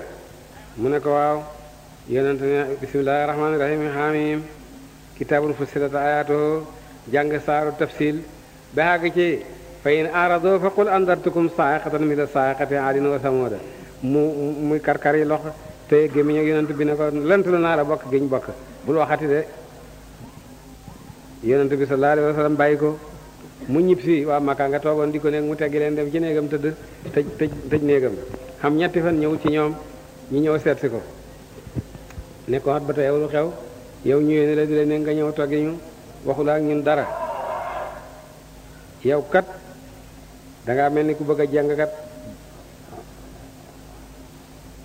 Speaker 1: mu ne ko waaw yonent ne bismillahi rahmaani rahim xaamim kitaabun fussilat ayaatuhu jàng saaru tafsil ba àgg ci fa in aradoo fa qul andartukum saaqatan saa saaqati aadin wa samooda mu muy karkar yi loxo te gémmiñ yonent bi ne ko lent lu naa la bokk géñ bokk bul waxati de yonent bi sallallahu alayhi wa bàyyi ko mu ñibbisi waa Makka nga toogoon di ko nekk mu teggi leen dem ci néegam tëdd tëj tëj néegam xam ñetti fan ñëw ci ñoom ñu ñëw seet si ko ne at ba te yow lu xew yow ñu yéene di la ne nga ñëw toggi ñu waxula ak ñun dara yow kat dangaa mel ni ku bëgg a jàng kat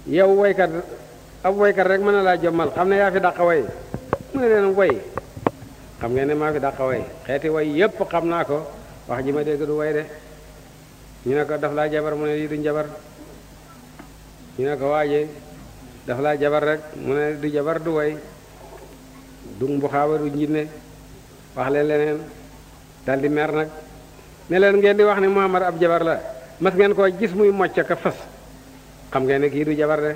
Speaker 1: yow woykat ab woykat rek mën na laa jommal xam ne yaa fi dàq way mu ne leen way xam ngeen ne maa fi dàqa way xeeti way yépp xam naa ko wax ji ma dégg du way de ñu ne ko daf laa jabar mu ne lii du jabar ñu ne ko waaje daf laa jabar rek mu ne du jabar du way du mbuxaaba du njinne wax leen leneen dal di mer nag ne leen ngeen di wax ne Muhammad ab jabar la mas ngeen koo gis muy mocc ka fas xam ngeen ne kii du jabar de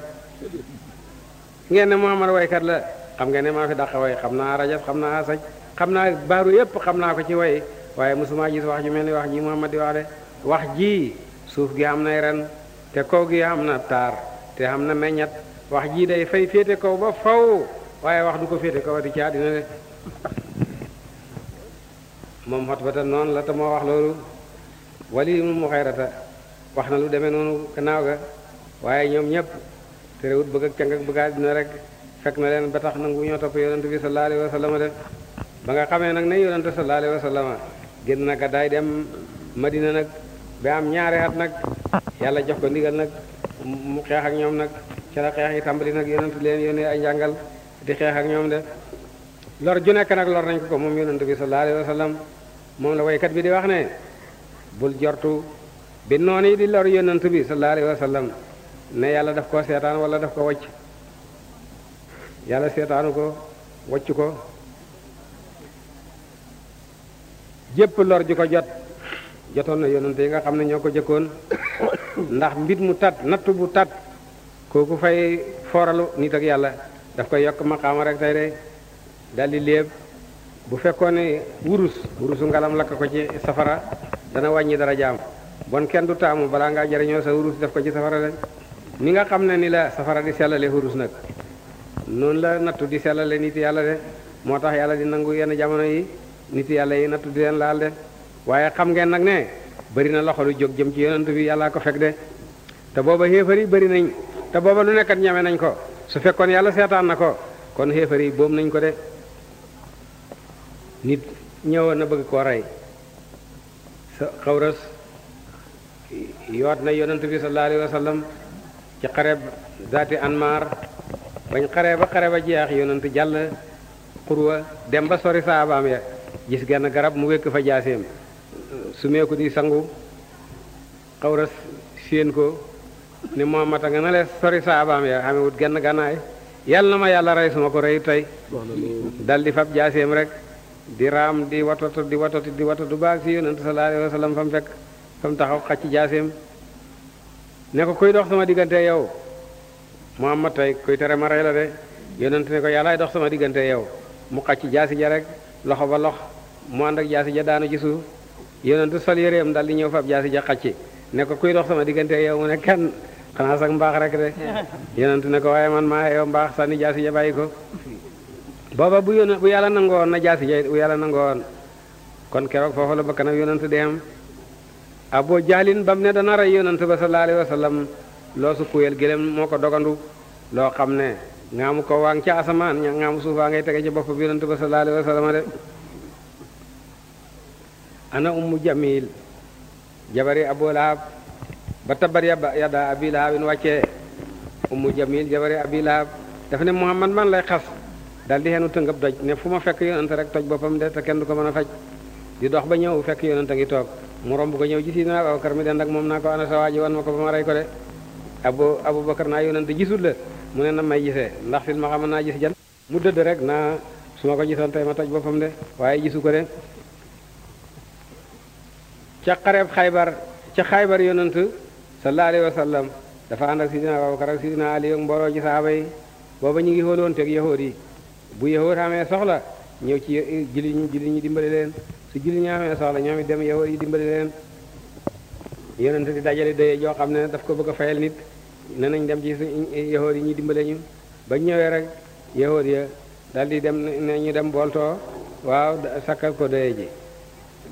Speaker 1: ngeen ne Muhammad waykat la xam ngeen ne maa fi dàqa way xam naa rajas xam naa saj xam naa baaru yépp xam naa ko ci way waaye mosuma gis wax ju mel ni wax ji Muhammad di wax de wax ji suuf gi am nay ren te kaw gi am na taar te am na meññat wax ji day fay féete kaw ba faw waaye wax du ko féete kaw di caa dina de moom xot bata noonu la te moo wax loolu wali mu xayrata wax na lu demee noonu gannaaw ga waaye ñoom ñëpp terewut bëgg ak càng ak bëgg dina rek fekk na leen ba tax nangu ñoo topp yonent bi sa alayhi wa sallam ba nga xamee nag ne yonente sallallahu alayhi wa sallama génn nag daay dem ma madina nag ba am ñaari at nag yàlla jox ko ndigal nag mu xeex ak ñoom nag ca la xeex yi tàmbali nag yonente leen yónnee ay njàngal di xeex ak ñoom de lor ju nekk nag lor nañ ko ko moom yonente bi sa alayhi wa sallam moom la waykat bi di wax ne bul jortu bi noonu yi di lor yonent bi sa alayhi wa sallam ne yàlla def ko seetaan wala def ko wacc yàlla seetaanu ko wacc ko jépp lor ji ko jot jotoon na yonante yi nga xam ne ñoo ko jëkkoon ndax mbit mu tat natt bu tat kooku fay fooralu nit ak yàlla daf koy yokk maqaama rek tey de daldi léeb bu fekkoon ne wurus wurusu ngalam lakk ko ci safara dana wàññi dara jaam bon kenn du taamu balaa ngaa jariñoo sa wurus def ko ci safara de ni nga xam ne ni la safara di sellale wurus nag noonu la nattu di sellale nit yàlla de moo tax yàlla di nangu yenn jamono yi nit yàlla yi nattu di leen laal de waaye xam ngeen nag ne bëri na loxo lu jóg jëm ci yonent bi yàllaa ko fekk de te booba xéefar yi bëri nañ te booba lu nekkat ñame nañ ko su fekkoon yàlla seetaan na ko kon xéefar yi boom nañ ko de nit ñëwoon na bëgg koo rey sa xawras yoot na yonent bi sallallahu alayhi wa sallam ci xareb zaati anmar bañ xare ba xare ba jeex yonent jàll xurwa dem ba sori saabaam ya gis genn garab mu wékk fa jaaseem su meeku di sangu xawra séen ko ne Muhammad a nga na lee sori genn gànnaay yàlla na ma yàlla rey suma ko rey tey dal di fab jaaseem rek di raam di watatu di watatu di watatu baag si yonent sallallahu alayhi wa sallam fa mu fekk fa mu taxaw xacc kuy dox sama diggante yow Muhammad tey kuy tere ma rey la de yonent ne ko yàllaay dox sama diggante yow mu xacc jaasi ja rek loxo ba lox mu ànd ak jaasi ja daanu ci suuf yonentu sol yëreem dal di ñëw fa jaasi ja xacci ne ko kuy dox sama diggante yow mu ne kenn xanaa sax mbaax rek de ne ko waaye man maa yow mbaax sànni jaasi ja bàyyi ko booba bu yónn bu yàlla nangoo woon na jaasi ja bu yàlla nangoo woon kon keroog foofu la bakkanam yonentu dem Abu Jahlin ba bam ne dana rey yonentu ba sallallahu alayhi wa sallam loo su kuyel gëlëm moo ko dogandu loo xam ne ngaamu ko waa ngi ca asamaan ña ngaamu suufaa ngay tege ci bopp bi yonentu ba sallallahu alayhi ana ummu jamil jabari abu lahab ba tabbat yada abi lahabin wàccee ummu jamil jabari abi lahab dafa ne muhammad man lay xas dal di xenu tëngëb doj ne fu ma fekk yonante rek toj boppam de te kenn du ko mën a faj di dox ba ñëw fekk yonante ngi toog mu romb ko ñëw ci si na abubakar mi den ak moom naa ko ana sa waaji wan ma ko ba ma rey ko de abu abubakar naa yonante gisul la mu ne na may gisee ndax fil ma xam naa gis jan mu dëdd rek naa su ma ko gisoon tey ma toj boppam de waaye gisu ko de ca xareeb xaybar ca xaybar yonent sallallahu alayhi wa sallam dafa ànd ak sidina Abubakar ak sidina Ali mbooloo ci saaba yi booba ñu ngi xóoloonteeg yahood yi bu yahood amee soxla ñëw ci julli ñi julli leen su julli ñi amee ñoom it dem yahood yi dimbali leen di dajale doye joo xam ne daf ko bëgg a fayal ne nañ dem ci su yi ñu dimbale ñu ba ñëwee rek yahood ya dal di dem ne ñu dem booltoo waaw sakkal ko doye ji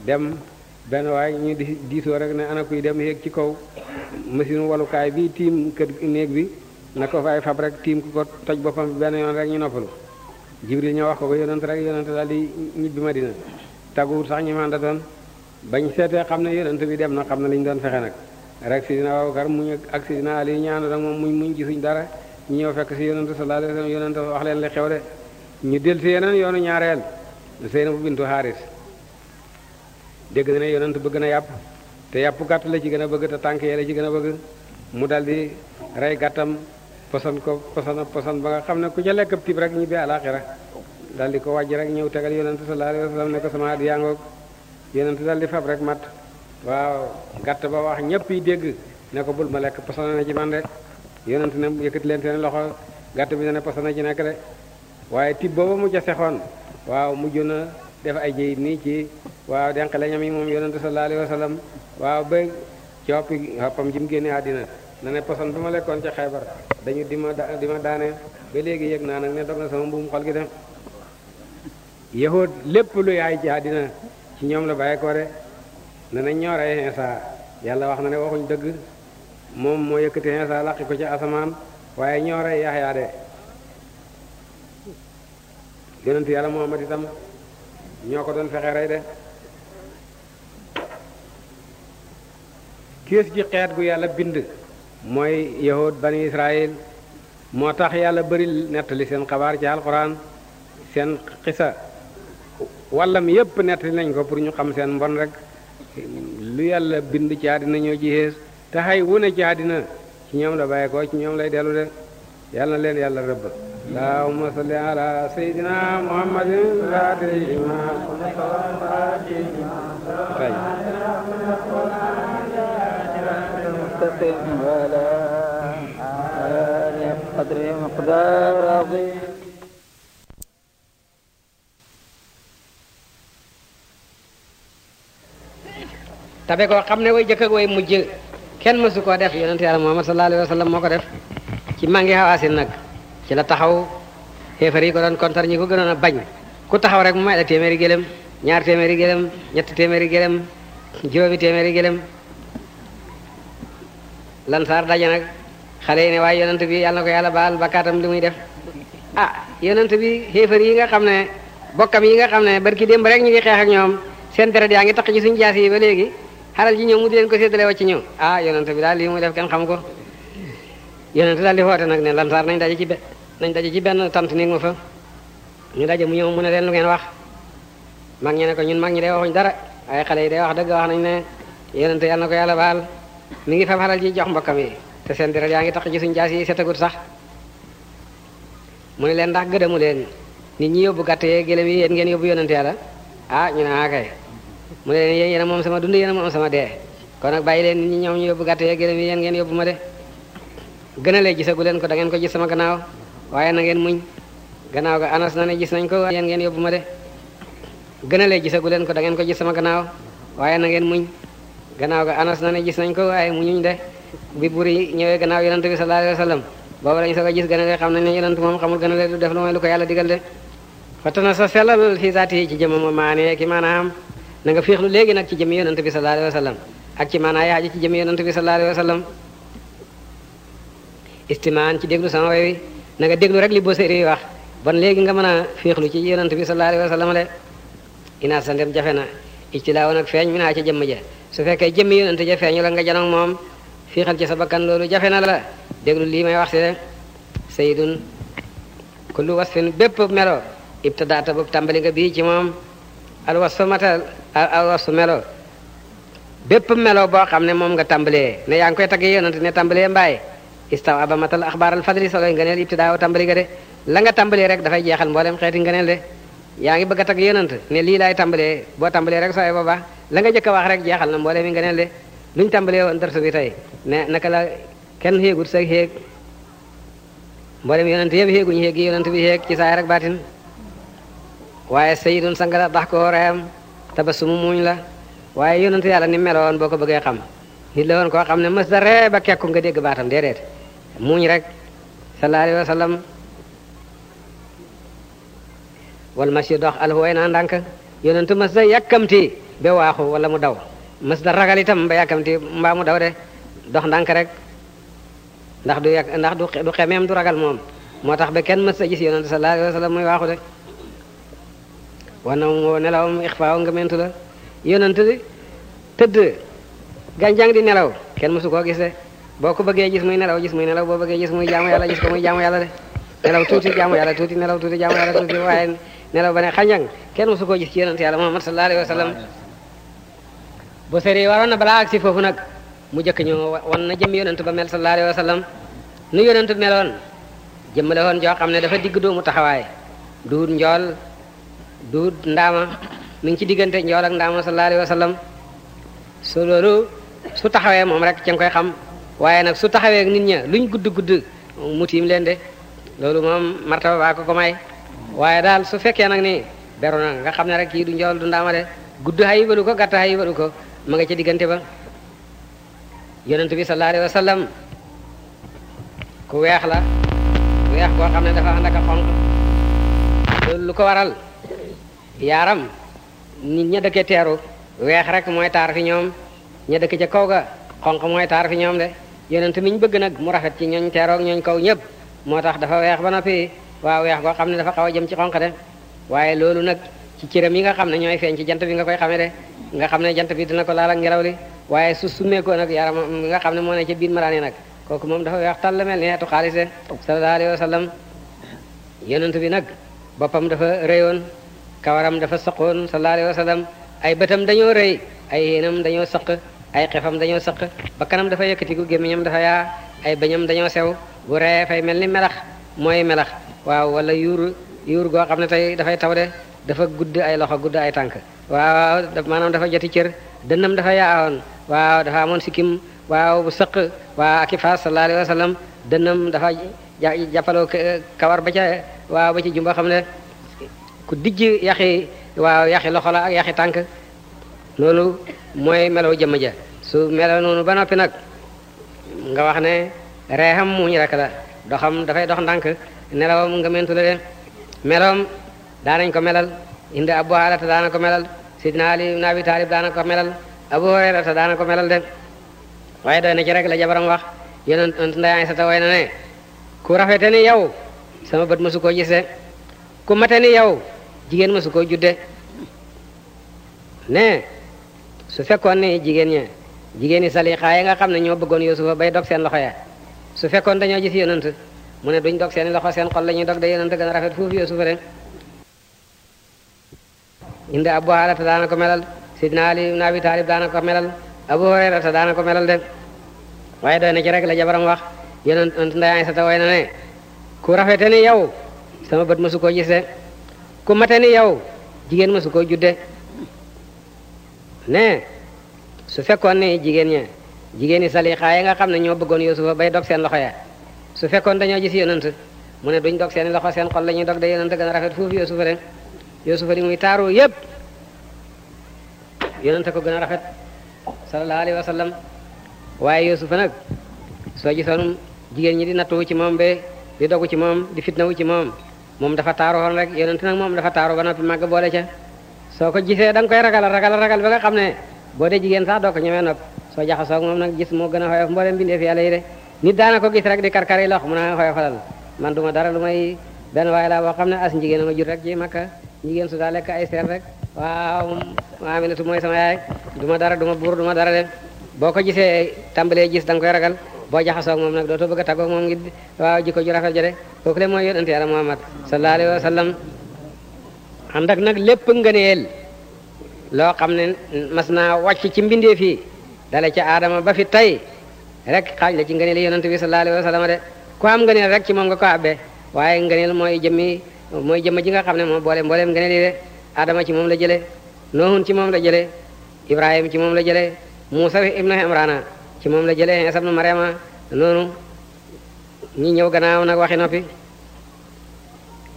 Speaker 1: dem benn waaye ñu di diisoo rek ne ana kuy dem yéeg ci kaw machine walukaay bi tiim kër néeg bi na ko fay fab rek tiim ku ko toj boppam bi benn yoon rek ñu noppalu jibril ñoo wax ko ko yonent rek yonent daal di ñibbi Madina tagguwut sax ñi manda doon bañ seetee xam ne yonent bi dem na xam ne liñ doon fexe nag rek si dina Abubakar muñ ak si dina Ali ñaanu rek moom muñ muñ gisuñ dara ñu ñëw fekk si yonent sa alayhi wasallam yonent wax leen li xew de ñu del si yeneen yoonu ñaareel Seynabu bintu Haris dégg na ne yonent bëgg na yàpp te yàpp gàtt la ci gën a bëgg te tànk yee la ci gën a bëgg mu dal di rey gàttam posan ko a posan ba nga xam ne ku ca lekk tib rek ñibbi alaxira dal di ko wàjj rek ñëw tegal yonent sa alayhi wasallam ne ko sama hadiya ngoog yonent dal di fab rek mat waaw gàtt ba wax ñëpp yi dégg ne bul ma lekk posana na ci man de yonent ne yëkkati leen seen loxo gàtt bi ne posana ci nekk de waaye tib booba mu ca sexoon waaw mujj na def ay jëyit nii ci waaw denq la ñam yi moom yonentu sallallahu alayhi wa sallam waaw ba coppi xoppam ji mu génne àddina na ne poson bi ma lekkoon ca xeebar dañu di ma di ma daane ba léegi yëg naa nag ne dog na sama mbuum xol gi dem yahood lépp lu yaay ci àddina ci ñoom la bàyyi ko de ne nañ ñoo rey yàlla wax na ne waxuñ dëgg moom moo yëkkati Insa laqi ko ci asamaan waaye ñoo rey de yonentu yàlla Muhammad itam ñoo ko doon fexe rey de kiis ji xeet gu yàlla bind mooy yahud bani israil moo tax yàlla bëri nettali seen xabaar ci alxuraan seen xisa wallam yépp nettali nañ ko pour ñu xam seen mbon rek lu yàlla bind ci àddina ñoo ci xees te xay wune ci àddina ci ñoom la bàyyi ko ci ñoom lay dellu de yàlla leen yàlla rëbb اللهم صل على سيدنا محمد فاتحهما طيب المستقيم وعلى آله قدره مقدار عظيم
Speaker 2: tabe koo xam ne way jëkk ak way mujj kenn mësu koo def yonent yàlla Muhammad sallallahu alayhi wa sallam moo ko def ci mangi xawaasin nag ci la taxaw xéefar yi ko doon kontar ñi ko gënoon a bañ ku taxaw rek mu may la téeméeri gëlëm ñaar téeméeri gëlëm ñetti téeméeri gëlëm juróomi téeméeri gëlëm lan saar daje nag xale yi ne waaye yonent bi yàlla na ko yàlla baal bakkaatam li muy def ah yonent bi xéefar yi nga xam ne bokkam yi nga xam ne barki démb rek ñu ngi xeex ak ñoom seen deret yaa ngi tax ci suñu jaas yi ba léegi xaral ji ñëw mu di ko séddale wa ci ñëw ah yonent bi daal lii muy def kenn xam ko yonent daal di woote nag ne lan saar nañ daje ci nañ daje ci benn tant néeg ma fa ñu daje mu ñëw mu ne leen lu ngeen wax mag ñi ne ko ñun mag ñi day waxuñ dara waaye xale yi day wax dëgg wax nañ ne yonente yàlla na ko yàlla baal mu ngi fab xalal ji jox mbokkam mi te seen deret yaa ngi tax ci suñ jaas yi setagut sax mu ne leen ndax gëdamu leen nit ñi yóbbu gàtt yee gélém yi yéen ngeen yóbbu yonente yàlla ah ñu ne ah mu ne leen yéen moom sama dund yéen a moom dee kon nag bàyyi leen nit ñi ñoom ñu yóbbu gàtt yee gélém yi yéen ngeen yóbbu ma de gënalee gisagu leen ko dangeen ko gis sama gannaaw waaye na ngeen muñ gannaaw ga anas na ne gis nañ ko yéen ngeen yóbbu ma de gënalee gisagu leen ko da ngeen ko gis sama gannaaw waaye na ngeen muñ gannaaw ga anas na ne gis nañ ko waaye muñuñ de bi buri ñëwee gannaaw yonent bi sallallahu alayhi wa sallam booba lañ soog a gis gënalee xam nañ ne yonent moom xamul gënalee du def lu mooy lu ko yàlla digal de fatana sa sellal fi zaati yi ci jëmam maanee ki maanaam na nga féexlu léegi nag ci jëmi yonent bi sallallahu alayhi wa sallam ak ci maanaa yaaji ci jëmi yonent bi sallallahu alayhi wa sallam istimaan ci déglu sama way na nga déglu rek li Busiri yi wax bon léegi nga mën a féexlu ci yonent bi sallallahu alayhi wa sallam le inaa sa ndem jafe na ijtilaawoon ak feeñ mi naa ci jëmm ja su fekkee jëmmi yonent ja feeñu la nga janoog moom fiixal ci sa bakkan loolu jafe na la déglu lii may wax si de lu kullu wasfin bépp melo ibtadaata boobu tàmbali nga bii ci moom al wasfu matal al wasfu melo bépp melo boo xam ne moom nga tàmbalee ne yaa ngi koy tagg yonent ne tàmbalee mbaay istawa ba matal axbaaral fadli sogay ngëneel ibtidaaw tàmbali ga de la nga tàmbalee rek dafay jeexal mboolem xeeti ngëneel de yaa ngi bëgg a tag yonant ne lii laay tàmbalee boo tàmbalee rek sooy boobaa la nga jëkk a wax rek jeexal na mboolem yi ngëneel de luñ tàmbalee woon dërsu bi tey ne naka la kenn xéegut sa xéeg mboolem yonant yëpp xéeguñu xéeg yi yonant bi xéeg ci saay rek baatin waaye sayidun sang la dax ko reyam tabasumu muuñ la waaye yonant yàlla ni meloon boo ko bëggee xam nit la woon koo xam ne mës da ba kekku nga dégg baatam déedéet muñ rek sallallahu alayhi wa sallam wal masi dox alhuway naa ndànk yonentu mas da yàkkamti ba waaxu wala mu daw mas da ragal itam ba yàkkamti mbaa mu daw de dox ndànk rek ndax du yàq ndax du xemeem du ragal moom moo tax ba kenn mës a gis yonent sallallahu alayhi wa sallam muy waaxu de wana woo nelawam ixfaaw nga mentu la yonent tëdd gànjang di nelaw kenn mësu koo gis de boo ko bëggee jis muy nelaw gis muy nelaw boo bëggee gis muy jaamu yàlla gis ko muy jaamu yàlla de nelaw tuuti jaamu yàlla tuuti waaye nelaw ba ne xañang kenn mosu koo gis ci yonent yàlla Muhammad sallallahu alayhi wa sallam waroon na balaa ak si foofu nag mu jëkk ñu wan na jëm yonent ba mel sallallahu alayhi wa sallam nu yonent meloon jëmm la woon joo xam ne dafa digg doomu taxawaay duut njool duut ndaama mi ngi ci diggante njool ak ndaama sallallahu alayhi wa sallam su loolu su taxawee moom rek ci koy xam waaye nag su taxawee nit ña luñ gudd gudd mu tiim leen de loolu moom martaba baa ko ko may waaye daal su fekkee nag ni beru na nga xam ne rek kii du njool du ndaama de gudd xayibalu ko gàtt xayibalu ko ma nga ca diggante ba yonent bi sallallahu alayhi wa sallam ku weex la weex koo xam ne dafa ànd a xonq loolu lu ko waral yaaram nit ña dëkke teeru weex rek mooy taar fi ñoom ña dëkk ca kaw ga xonq mooy taar fi ñoom de yonent mi ñu bëgg nag mu rafet ci ñooñ teeroog ñooñ kaw ñëpp moo tax dafa weex ba noppi waaw weex goo xam ne dafa xaw a jëm ci xonq de waaye loolu nag ci cëram yi nga xam ne ñooy feeñ ci jant bi nga koy xamee de nga xam ne jant bi dina ko laal ak ngelaw li waaye su summeekoo nag yaram nga xam ne moo ne ca biir maraan nag kooku moom dafa weex tàll mel ni xeetu xaalis de sallallahu alayhi wa sallam bi nag boppam dafa rëyoon kawaram dafa saqoon sallallahu alayhi wa sallam ay bëtam dañoo ay yéenam dañoo saq ay xefam dañoo sëq ba kanam dafa yëkkatiku gémmiñam dafa yaa ay bañam dañoo sew bu ree fay mel ni melax mooy melax waaw wala yuur yuur goo xam ne tey dafay taw de dafa gudd ay loxo gudd ay tànk waaw maanaam dafa joti cër dënnam dafa yaawoon waaw dafa amoon sikkim waaw bu sëq waaw aki faas sallallahu alayhi wa sallam dënnam dafa jàppaloo kawar ba ca waaw ba ci jumba xam ne ku dijj yaxi waaw yaxi loxo la ak yaxi tànk loolu mooy melaw jëmm ja su melaw noonu ba noppi nag nga wax ne reexam muuñ rek la doxam dafay dox ndànk nelawam nga mentu la de melawam daanañ ko melal indi Abu Hurayrata daana ko melal Sidna Ali ibn Abi Talib daana ko melal Abu Hurayrata daana ko melal de waaye doy na ci rek la jabaram wax yonent ndey Aysata way na ne ku rafete ni yow sama bët mësu koo gisee ku mate ni yow jigéen mësu koo judde ne su fekkoon ne jigéen ña jigéen ñi salixaa ya nga xam ne ñoo bëggoon yusufa bay dok seen loxo ya su fekkoon dañoo gis yonant mu ne duñ dog seen loxo seen xol la ñuy dog da yonant gën a rafet foofu yusufa rek indi abu haalata daana ko melal sidna ali ibn abi taalib daana ko melal abu hurayrata daana ko melal de waaye doy na ci rek la jabaram wax yonant ndayaay sa ta way na ne ku rafete ni yow sama bët mësu koo gis de ku mate ni yow jigéen mësu koo judde ne su fekkoon ne jigéen ña jigéen ñi salixaa yi nga xam ne ñoo bëggoon yusufa bay dog seen loxo ya su fekkoon dañoo gis yonent mu ne duñ dog seen loxo seen xol la ñuy dog de yonent gën a rafet foofu yusufa de yusufa li muy taaru yépp yonent ko gën a rafet sallallahu alayhi wa sallam waaye yusufa nag soo gisoon jigéen ñi di nattuwu ci moom be di dogu ci moom di fit fitnawu ci moom moom dafa taaru woon rek yonent nag moom dafa taaru ba noppi màgg boole ca soo ko gisee da nga koy ragal ragal ragal ba nga xam ne boo dee jigéen sax doo ko ñemee nopp soo jaxasoo moom nag gis moo gën a xoyof mbooleem mbindeef yàlla yi de nit daana ko gis rek di karkari lox mun a xoyofalal man duma dara lu may benn boo xam ne as njigéen ma jur rek ci makka njigéen su daa lekk ay seer rek waaw Aminatu mooy sama yaay duma dara duma buur duma dara de boo ko gisee tàmbalee gis da nga koy ragal boo jaxasoo moom nag dootoo bëgg a tàggoo moom ngi waaw jikko ju rafet ja de kooku le mooy yonent yàlla Muhammad sallallahu alayhi wa sallam ànd ak nag lépp ngëneel loo xam ne mas naa wàcc ci mbindeef fii dale ca aadama ba fi tey rek xaaj la ci ngëneel yi yonent bi sallallahu alayhi wa sallam de ku am ngëneel rek ci moom nga ko abbe waaye ngëneel mooy jëmmi mooy jëmm ji nga xam ne moom boole mbooleem ngëneel yi de aadama ci moom la jële noohun ci moom la jële ibrahima ci moom la jële muusa ibnu imrana ci moom la jële isa nu mariama noonu ñi ñëw gannaaw nag waxi noppi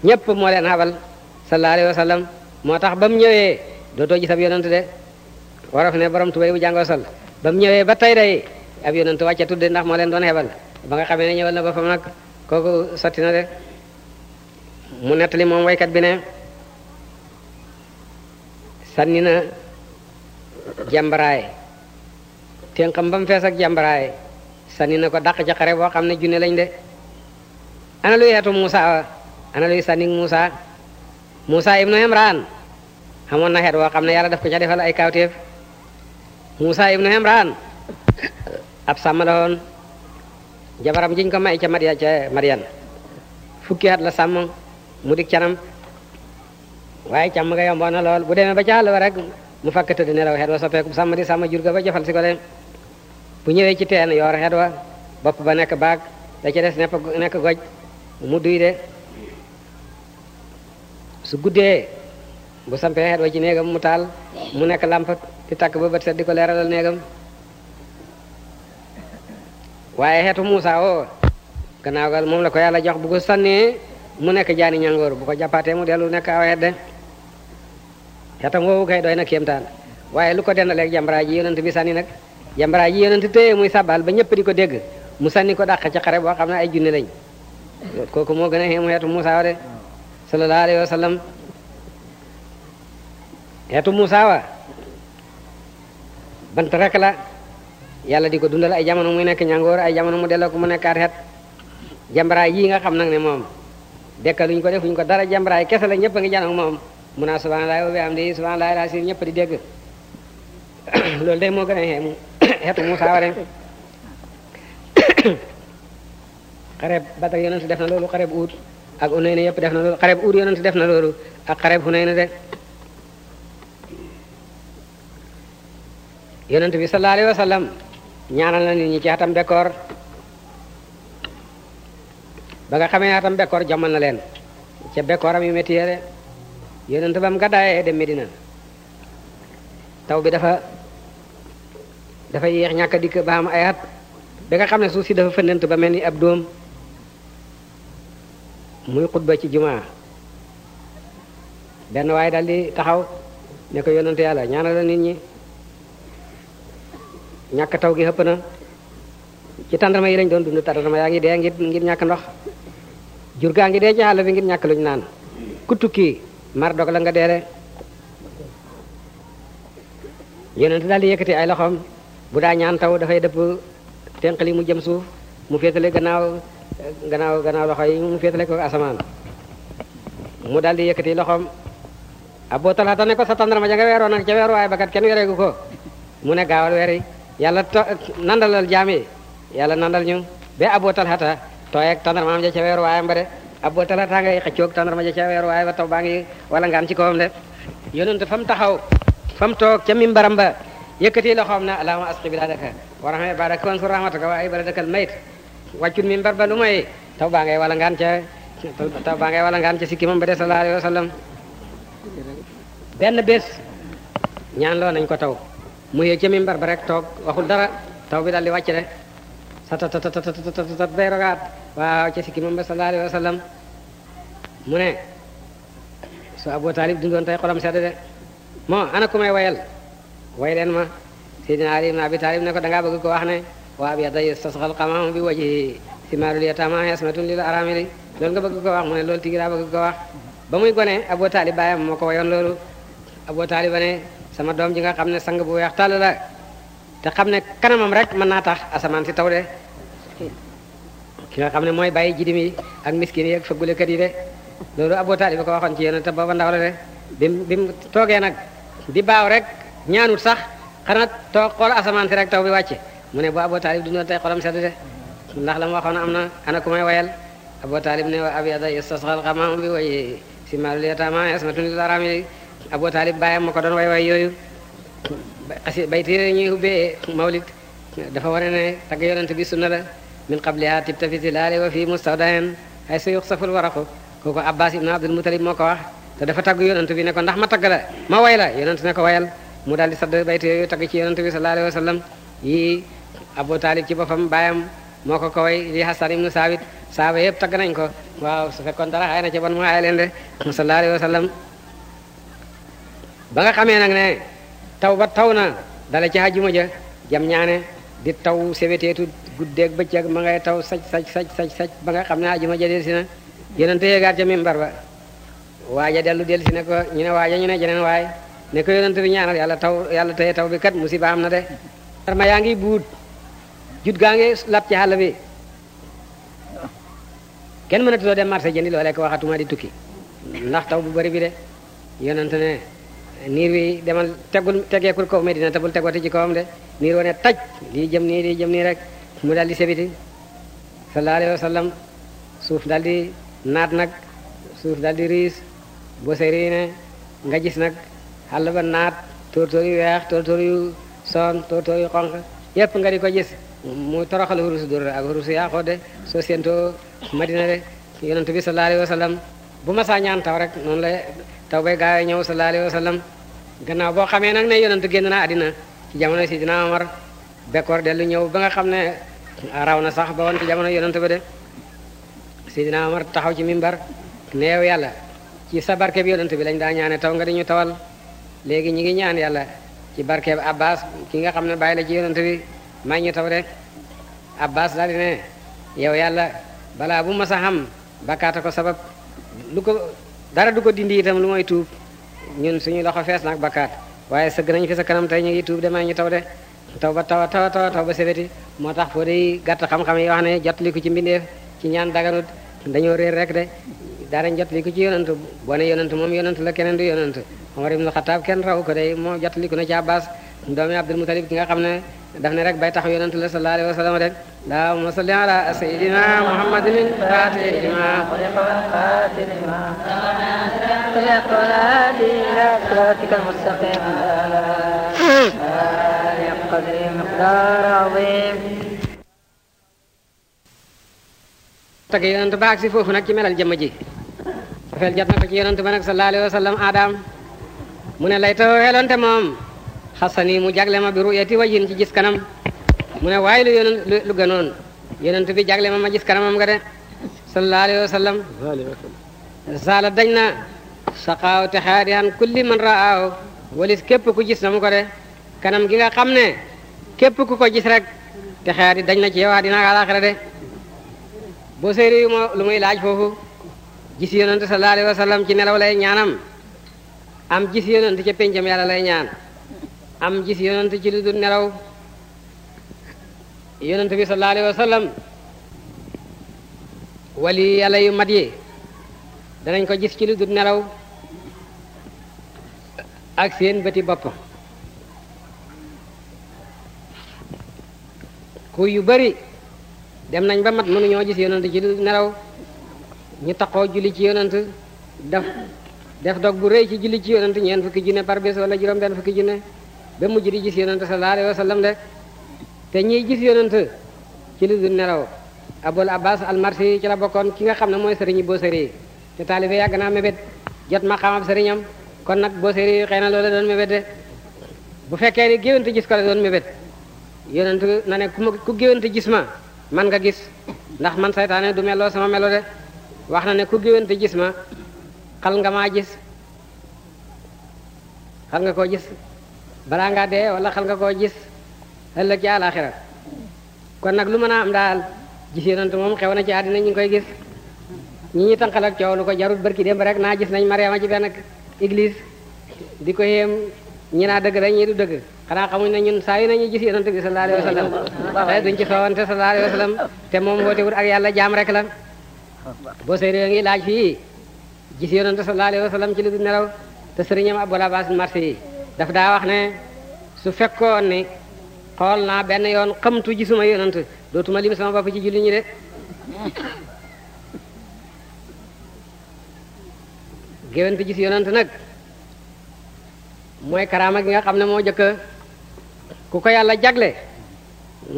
Speaker 2: ñépp moo leen xabal sallallahu alayhi wa sallam moo tax ba mu ñëwee dootoo gis ab de waraf ne borom tubéy bu jàngoo sol ba mu ñëwee ba tey day ab yonent wàcce tudde ndax moo leen doon xebal ba nga xamee ne ñëwal na ba fam nag kooku sotti na de mu nettali moom waykat bi ne sànni na jàmbaraay ténqam ba mu fees ak jàmbaraay sànni na ko dàq ca xare boo xam ne junne lañ de ana luy xeetu Muusa ana luy sànni Muusa Moussa ibnu Imran xamoon na xeet woo xam ne yàlla daf ko ca defal ay kawteef Moussa ibnu Imran ab sàmm la woon jabaram jiñ ko may ca Madian ca Madian fukki at la sàmm mu dik canam waaye càmm nga yomboon na lool bu demee ba ca àll ba rek mu fakk tëdd nelaw xeet wa soppeeku sàmm di sàmm jur ga ba jafal si ko de bu ñëwee ci teen yoor xeet bopp ba nekk baag da des nekk goj mu duy de su guddee bu sampee xet ci néegam mu taal mu nekk làmp di takk ba bët set ko leeralal néegam waaye xeetu Muusa woo gannaaw gal moom la ko yàlla jox bu ko sànnee mu nekk jaani ñangoor bu ko jàppaatee mu dellu nekk aw xet de xetam woowu kay doy na kéemtaan waaye lu ko dendaleeg jambaraa ji bi sànni nag jambaraa ji yonent muy sabal ba ñëpp di ko dégg mu sànni ko dàq ci xare boo xam ne ay junni lañ kooku moo gën a xeemu xeetu Muusa sallallahu alayhi wa sallam xeetu Muusaa wa rek la yàlla di ko dundal ay jamono muy nekk ñangoor ay jamono mu delloo ko mu nekkaat xeet jambaraay yii nga xam nag ne moom dekkaluñ ko defuñ ko dara jambaraay kese la ñëpp ngi janoog moom mun naa subhanallah wa bihamdihi subhanallah la sir ñëpp di dégg loolu day moo gën a xeemu xeetu Muusaa wa rek xareb Badar yonent def na loolu xareb Uhud ak Unayna yëpp def na loolu xareb Uhud yonent def na loolu ak xareb na de yonent bi sallallahu alayhi wa sallam ñaanal na nit ñi ci atam bekkoor ba nga xamee atam bekkoor jommal na leen ca bekkooram yu metti de yonent ba mu gàddaayee dem Medina taw bi dafa dafa yéex ñàkk dikk ba am ay at ba nga xam ne suuf si dafa fëndent ba mel ni ab dóom muy xutba ci jumaa benn waaye daal taxaw ne ko yonante yàlla ñaanal la nit ñi ñàkk taw gi xëpp na ci tàndarma yi lañ doon dund tàndarma yaa ngi dee ngir ngir ñàkk ndox jur gaa ngi dee ci àll bi ngir ñàkk luñ naan ku tukki mar dog la nga deere yonente daal di yëkkati ay loxoom bu daa ñaan taw dafay dëpp tenqali mu jëm suuf mu féetale gannaaw ganaaw ganaaw loxo yi mu féetale ko asamaan mu daal di yëkkati loxoom Abu Talha ne ko sa tàndarma ja nga weeroo nag ca weeruwaay ba kat kenn wereegu ko mu ne yi yàlla to nandalal jaam yi yàlla nandal ñu ba Abu Talha tooy ak tàndarmaam ja ca weeruwaayam ba de Abu Talha ngay tàndarma ja ca weeruwaay ba taw baa ngi wala ngaan ci kawam de yonent fa mu taxaw fa mu toog ca mimbaram ba yëkkati loxoom na allahumma asqi biladaka wa rahmi ibadaka wa ansur rahmataka wa ay baladaka al mayt wàccut mimbar ba lu may taw baa ngay wala ngaan ca taw baa ngay wala ngaan ca sikki ba de sallallahu alayhi wa ñaan loo nañ ko taw mu ca mimbar ba rek toog waxul dara taw bi daal di wàcc sa ta ta ta ta bay rogaat waaw ca sikki moom ba sallallahu alayhi wa mu ne su Abu dundoon tey xolam sedd de moo ana ku may wayal leen ma Seydina Ali ibn Abi Talib ne ko da ngaa bëgg wax ne وأبيض يستسقى القمام بوجهه ثمار اليتامى عصمة للأرامل loolu nga bëgg ko wax mu ne loolu tigi laa bëgg ko wax ba muy gone Abu baayam moo ko wayoon loolu Abu Taalib sama doom ji nga xam ne sang bu weex tàll la te xam ne kanamam rek mën naa tax asamaan si taw de ki nga xam ne mooy bàyyi jidim ak miskin yi ak fëggulekat yi de loolu Abu Taalib ko waxoon ci yéen te booba ndaw la de bi bi mu toogee nag di baaw rek ñaanu sax xanaa toog xool asamaan si rek taw bi wàcce mu ne bu Abu Taalib du ñëw tey xolam sedd de ndax la ma waxoon am na ana ku may wayal Abu Taalib ne wa abyada istasxal xamaam bi way si maalul yataama ismatun lil araami Abu Taalib bàyyam ma ko doon way way yooyu xasi bayti yooyu ñuy ubbee mawlid dafa wane ne tagg yonent bi sunna la min qabliha tibta fi zilaali wa fi mustawdahin ay su yuxsaful waraqu kooku Abbas ibn Abdul Mutalib moo ko wax te dafa tagg yonent bi ne ko ndax ma tagg la ma way la yonent ne ko mu daal di sadd bayt yooyu tagg ci yonent bi sallallahu alayhi wa sallam Abu Taalib ci boppam baayam moo ko ko way li Hasan ibnu Saabit saaba yëpp tagg nañ ko waaw su fekkoon dara xay na ci bon mu aay leen de sallallahu alayhi wa sallam ba nga xamee nag ne taw ba taw na dala ci hajjuma ja jam ñaane di taw seweteetu guddeeg bëccëg ma ngay taw saj saj saj saj saj ba nga xam ne hajjuma ja delsi na yonente yéegaat ca mimbar ba waaja dellu delsi ne ko ñu ne waaja ñu ne jeneen waay ne ko yonente bi ñaanal yàlla taw yàlla teye taw bi kat musiba am na de jut gaa ngee lab ci xàll bi kenn mënatuloo dem marché jëndi loolee ko waxatuma di tukki ndax taw bu bari bi de yonent ne niir wi demal tegul tegeekul kaw Medina te bul tegwati ci kawam de niir wane taj lii jëm nii lii jëm nii rek mu daal di sebiti sallallahu alayhi wa suuf daal di naat nag suuf daal di riis boseri ne nga gis nag xàll ba naat tóortóor yu weex tóortóor yu son tóortóor yu xonq yépp nga di ko gis mu toroxal hurus dur ak hurus yaaxoo de soo séentoo madina de yonent bi sallallahu alayhi wa sallam bu ma saa ñaan taw rek noonu la taw bay gaawee ñëw sallallahu alayhi wa sallam gannaaw boo xamee nag ne yonent génn na àddina ci jamono si dina Omar bekkoor dellu ñëw ba nga xam ne raw na sax ba woon ci jamono yonent ba de Sidina Omar taxaw ci min mimbar neew yàlla ci sa barke bi bi lañ daa ñaane taw nga di ñu tawal léegi ñi ngi ñaan yàlla ci barke bi Abbas ki nga xam ne bàyyi la ci bi may ñu taw rek abbas daal di ne yow yàlla balaa bu mas a xam bakaata ko sabab lu ko dara du ko dindi itam lu mooy tuub ñun suñu loxo fees nag bakkaat waaye sëgg nañ fi sa kanam tey ñu ngi tuub de may ñu taw de taw ba taw a taw taw taw ba sebeti moo tax foo day gàtt xam-xam yi wax ne jotliku ci mbindeef ci ñaan daganut dañoo réer rek de daanañ jotliku ci yonent boo ne yonent moom yonent la keneen du yonent Omar ibn Khattab kenn raw ko de moo jotliku na ci Abbas ki nga xam ne daf ne rek bay taxaw yonentu la sallallahu alayhi wa sallam rek allahumma salli ala sayyidina muhammadin fatih lima
Speaker 1: ughliqa wal khatim lima
Speaker 2: سبق الهادي إلى صراطك المستقيم قدر مقدار عظيم tagg yonent ba ak si foofu nag ci melal jëmm ji rafet jot na ko ci yonent ba nag sallallahu alayhi wa sallam adam mu ne lay taw xelonte moom xasani mu jagle ma bi ruyati wajin ci gis kanam mu ne waaye lu yonent lu gënoon yonent bi jagle ma ma gis kanamam nga de sallallahu alayhi wa dañ na saqaaw te xaadi han kulli man raaw walis képp ku gis na mu ko de kanam gi nga xam ne képp ku ko gis rek te xaadi dañ na ci yow dina àlaxira de boo séeri yu ma lu muy laaj foofu gis yonent sallallahu alayhi wa ci nelaw lay ñaanam am gis yonent ca péncam yàlla lay ñaan am gis yonent ci lu dul nelaw yonent bi sallallahu alayhi wa sallam wali yàlla yu mat yi danañ ko jis ci lu dul nelaw ak seen bëti bopp ku yu bari dem nañ ba mat mënuñoo jis yonent ci lu nelaw ñu taqoo julli ci yonent def def dog bu rëy ci julli ci yonent ñeen fukki junne par bés wala juróom benn fukki junne ba mujj di gis yonent sallallahu alayhi wa sallam de te ñiy gis yonent ci lu dul nelaw abul abbas almarsi ci la bokkoon ki nga xam ne mooy sëriñi Booseri yi te taalibe yàgg naa mébét jot ma xamab sëriñam kon nag boo yi xëy na loola doon mébét de bu fekkee ni géwante gis ko la doon mébét yonent na ne ku ma ku géwante gis ma man nga gis ndax man saytaane du meloo sama melo de wax na ne ku géwante gis ma xal nga maa gis xal nga koo gis balaa ngaa dee wala xal nga koo gis ëllëg ci àlaxira kon nag lu mën a am daal gis yonent moom xew na ci àddina ñu koy gis ñi ñuy tànqal ak coow lu ko jarut barki démb rek naa gis nañ Mariama ci benn église ko yéem ñi naa dëgg rek ñi du dëgg xanaa xamuñ na ñun saa na nañu gis yonent bi sallallahu alayhi te duñ ci soowante sallallahu alayhi wa sallam te moom wootewut ak yàlla jaam rek la boo seetee ngi laaj fii gis yonent sallallahu alayhi wa sallam ci lu du nelaw te sëriñam Abul Abbas marché yi daf daa wax ne su fekkoon ni xool naa benn yoon xamtu gisuma yonant dootuma lim sama bopp ci julli ñi de géwénte gis yonant nag mooy karaama gi nga xam ne moo jëkk ku ko yàlla jagle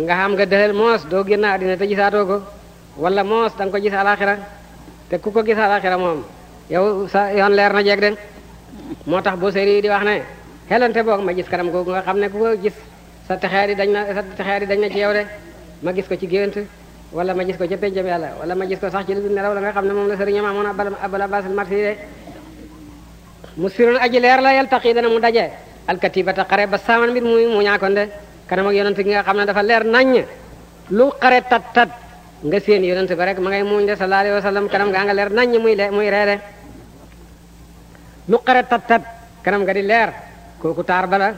Speaker 2: nga xam nga dëxel moos doo génn àddina te gisaatoo ko wala moos da ko gis alaxira te ku ko gis alaxira moom yow sa yoon leer na jeeg de moo tax boo séri di wax ne xelante boog ma gis kanam googu nga xam ne ku ko gis sa texaari dañ na sa texaari dañ na ci yow de ma gis ko ci gént wala ma gis ko ca pénjam yàlla wala ma gis ko sax ci lu nelaw la nga xam na moom la sëriñam amoon abal abasil marsi de mu sirul aji leer la yaltaqi dana mu daje alkatibata xare ba saaman mbir muy mu ñaakoon de kanam ak yonent gi nga xam ne dafa leer naññ lu xare tat nga seen yonent ba rek ma ngay muuñ de sallallahu alayhi wa sallam kanam nga nga leer naññ muy le muy ree de lu xare tat tat kanam nga di leer kooku taar bala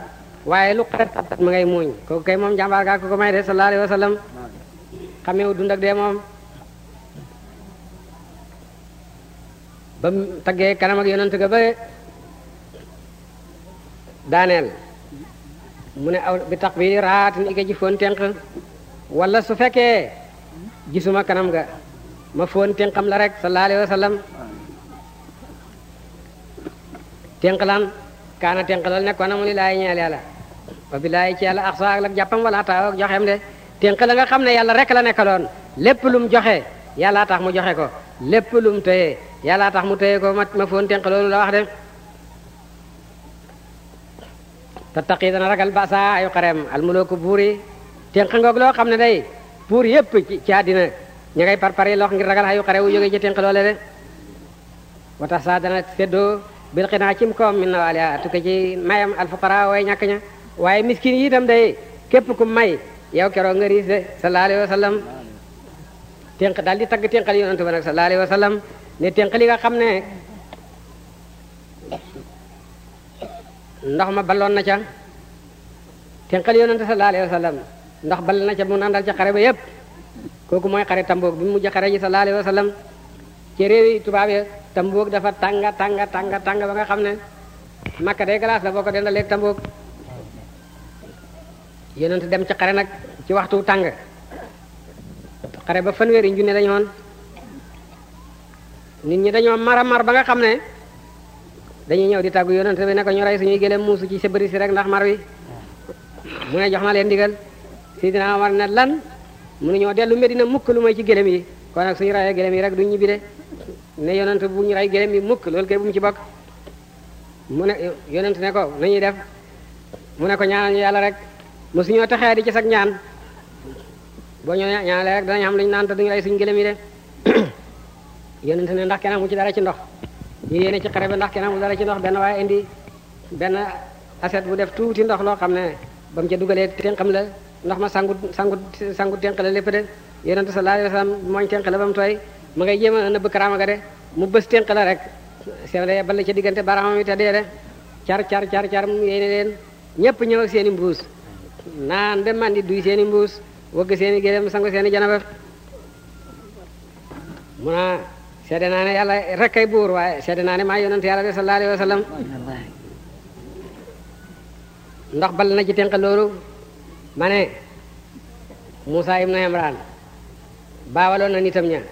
Speaker 2: waaye lu xeet tat ma ngay muuñ kooku kay moom jàmbaar gaa ko ko may de sallallahu alayhi wa sallam xameewu dee moom ba mu taggee kanam ak yonent ga ba daaneel mu ne aw bi tax bi raatin ike ji foon tenq wala su fekkee gisuma kanam ga ma foon tenqam la rek sallallahu alayhi tenq lan kaana tenqalal nekkoon amu li laay ñeel yàlla wa billaahi ci yàlla axsa ak lak jàppam wala taaw ak joxeem de tenq la nga xam ne yàlla rek la nekkaloon lépp lu mu joxe yàlla tax mu joxe ko lépp lu mu tëye yàlla tax mu tëye ko ma ma foon tenq loolu la wax de te dana ragal basa ayu xareem almulooku buur yi ngoog loo xam ne day buur yépp ci àddina ña ngay parpari lox ngir ragal ayu xare wu jógee ci tenq loole de watax saa dana séddoo bil xinaa cim koom min na waaliha tukki ci mayam alfuqara way ñàkk ña waaye miskin yi itam day képp ku may yow keroog nga riis de sallallahu alayhi daal di tagg ténqal yonent ba nag sallallahu alayhi wa ne ténq li nga xam ne ndox ma balloon na ca ténqal yonent sallallahu alayhi wa sallam ndox ball na ca mu nandal ca xare ba yépp kooku mooy xare tamboog bi mu mujj xare ji sallallahu alayhi wa sallam tubaab ya te mbuug dafa tànga tànga tànga tànga ba nga xam ne makka day glace la boo ko denda léegi te mbuug yonent dem ci xare nag ci waxtu tàng xare ba fanweeri ju ne woon nit ñi dañoo mara mar ba nga xam ne dañu ñëw di tàggu yonent bi ne ko ñu su suñuy gëléem muusu ci sëbëri si rek ndax mar wi mu ne jox na leen ndigal Sidina Omar ne lan mënuñoo dellu Medina mukk lu may ci gëléem yi kon nag suñu rayee gëléem yi rek duñ ñibbi de ne yonent bu ñu rey gëlëm yi mukk loolu kay bu mu ci bokk mu ne yonent ne ko nañuy def mu ne ko ñaanal ñu yàlla rek mosu ñoo taxee di ci sag ñaan boo ñoo ñaanalee rek danañ xam lu ñu naan te duñu rey suñu gëlëm yi de yonent ne ndax kenn amu ci dara ci ndox ñu yéene ci xare bi ndax kenn amu dara ci ndox benn waaye indi benn aset bu def tuuti ndox loo xam ne ba mu ca dugalee tenqam la ndox ma sangu sangu sangu tenq la lépp de yonent sallallahu alayhi wa sallam mooñ la ba mu ma ngay jéem a nëbb karaama ga de mu bës tënk la rek sew de bala ca diggante baraamam yi te dee de car car car car mu yéene leen ñëpp ñëw seeni mbuus naan ba mandi duy seeni mbuus wëgg seen i gëlëm sangu seen i janaba mu naa seede naa ne yàlla rek kay buur waaye seede naa ne maa yonent yàlla de sallallahu alayhi wa sallam ndox bal na ci tënk loolu ma ne Moussa ibn Imran nitam ña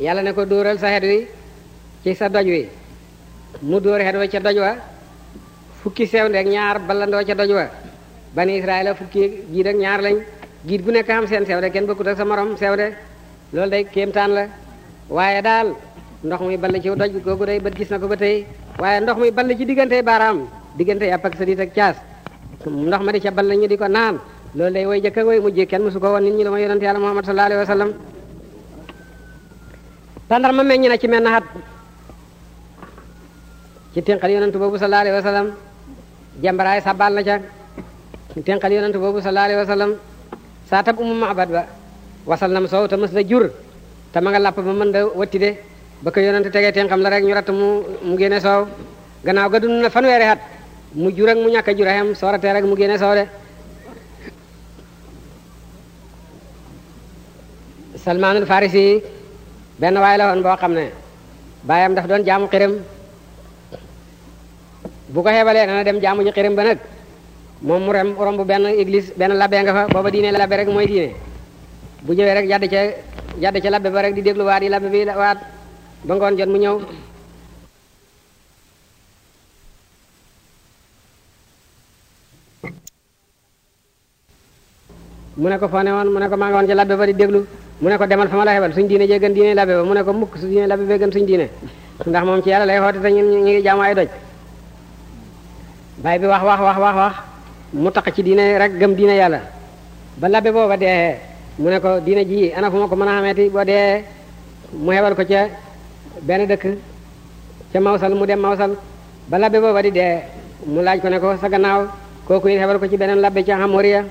Speaker 2: yàlla ne ko dóoral sa xet wi ci sa doj wi mu dóor xet wa ca doj wa fukki sew ndeg ñaar ballandoo ca doj wa bani israel a fukki giid ak ñaar lañ giid gu nekk xam seen sew de kenn bokkut ak sa morom sew de loolu day kéemtaan la waaye daal ndox muy ball ci doj googu day bët gis na ko ba tey waaye ndox muy ball ci diggante baaraam diggante yàpp ak sa diit ak caas ndox ma di ca ball ñu di ko naan loolu day woy jëkk ak woy mujj kenn mësu ko woon nit ñi la ma yonante yàlla tàndar ma meññ na ci menn xat ci ténqal yonentu boobu sallallahu alayhi wa sallam jambaraay sabal na ca ci ténqal yonentu boobu sallallahu alayhi wa sallam saa tab umu maabad ba wasal na nam soow te mës na jur te ma nga làpp ba mën da watti de ba ko yonentu tegee ténqam la rek ñu ratt mu mu génne soow gannaaw ga dund na fanweeri xat mu jur mu ñàkk a jur xem rek mu génne soow de salmaanul farisi benn waay la woon boo xam ne baayam daf doon jaamu xiram bu ko xeebalee dana dem jaamu ji xiram ba nag moom mu rem romb benn église benn labbe nga fa booba diine labbe rek mooy diine bu ñëwee rek jadd ca jadd ca labbe ba rek di déglu waat yi labbe bi waat ba ngoon jot mu ñëw mu ne ko woon mu ne ko maa ngi woon ca ba di déglu mu ne ko demal fa ma la xebal suñ diine jee gën diine labe ba mu ne ko mukk su diine labe bee gën suñ diine ndax moom ci yàlla lay xoote te ñun ñu jaamu ay doj baay bi wax wax wax wax wax mu taq ci diine rek gëm diine yàlla ba labe booba dee mu ne ko diine ji ana fu ma ko mën a xameeti boo dee mu xebal ko ca benn dëkk ca mawsal mu dem mawsal ba labe booba di dee mu laaj ko ne ko sa gannaaw kooku it xebal ko ci beneen labe ca xamoriya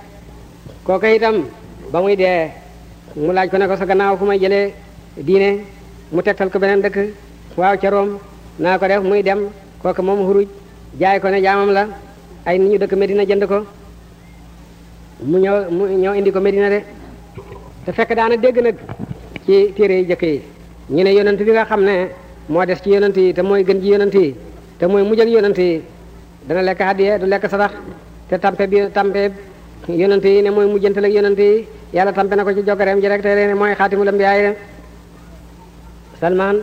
Speaker 2: kooku mu laaj ko ne ko sa gannaaw fu may jëlee diine mu tegtal ko beneen dëkk waaw ca naa ko def muy dem kooku moom xuruj jaay ko ne jaamam la ay nit ñu dëkk Medina jënd ko mu ñëw mu ñëw indi ko Medina de te fekk daana dégg nag ci téere yi jëkk yi ñu ne yonent bi nga xam ne moo des ci yonent yi te mooy gën ci yonent yi te mooy mu ak yonent yi dana lekk hadiye du lekk sa sarax te tampe bi tampe yonente yi ne mooy mujjantal ak yonente yi yàlla tampe na ko ci jokkareem ji rek te ne mooy xaatimul ambiyaay de salman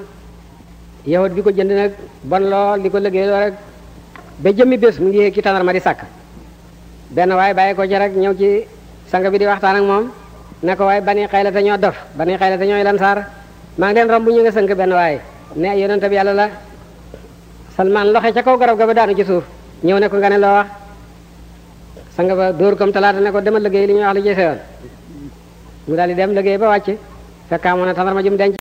Speaker 2: yahut bi ko jënd nag bon lool di ko liggéeyloo rek ba jëmmi bés mu ngi yéeg ci tàndarma di sàkk benn waaye bàyyi ko ci rek ñëw ci sang bi di waxtaan ak moom ne ko waaye bani xaylata ñoo dof bani xaylata ñooy lansaar maa ngi leen romb ñu nga sënk benn waaye ne yonente bi yàlla la salman loxe ca kaw garab ga ba daanu ci suuf ñëw ne nga sanga ba dóor kam talaata ne ko demal liggéey li ñuy wax li ci sewoon mu daal di dem liggéey ba wàcc fekk amoon na tàndarma jum denc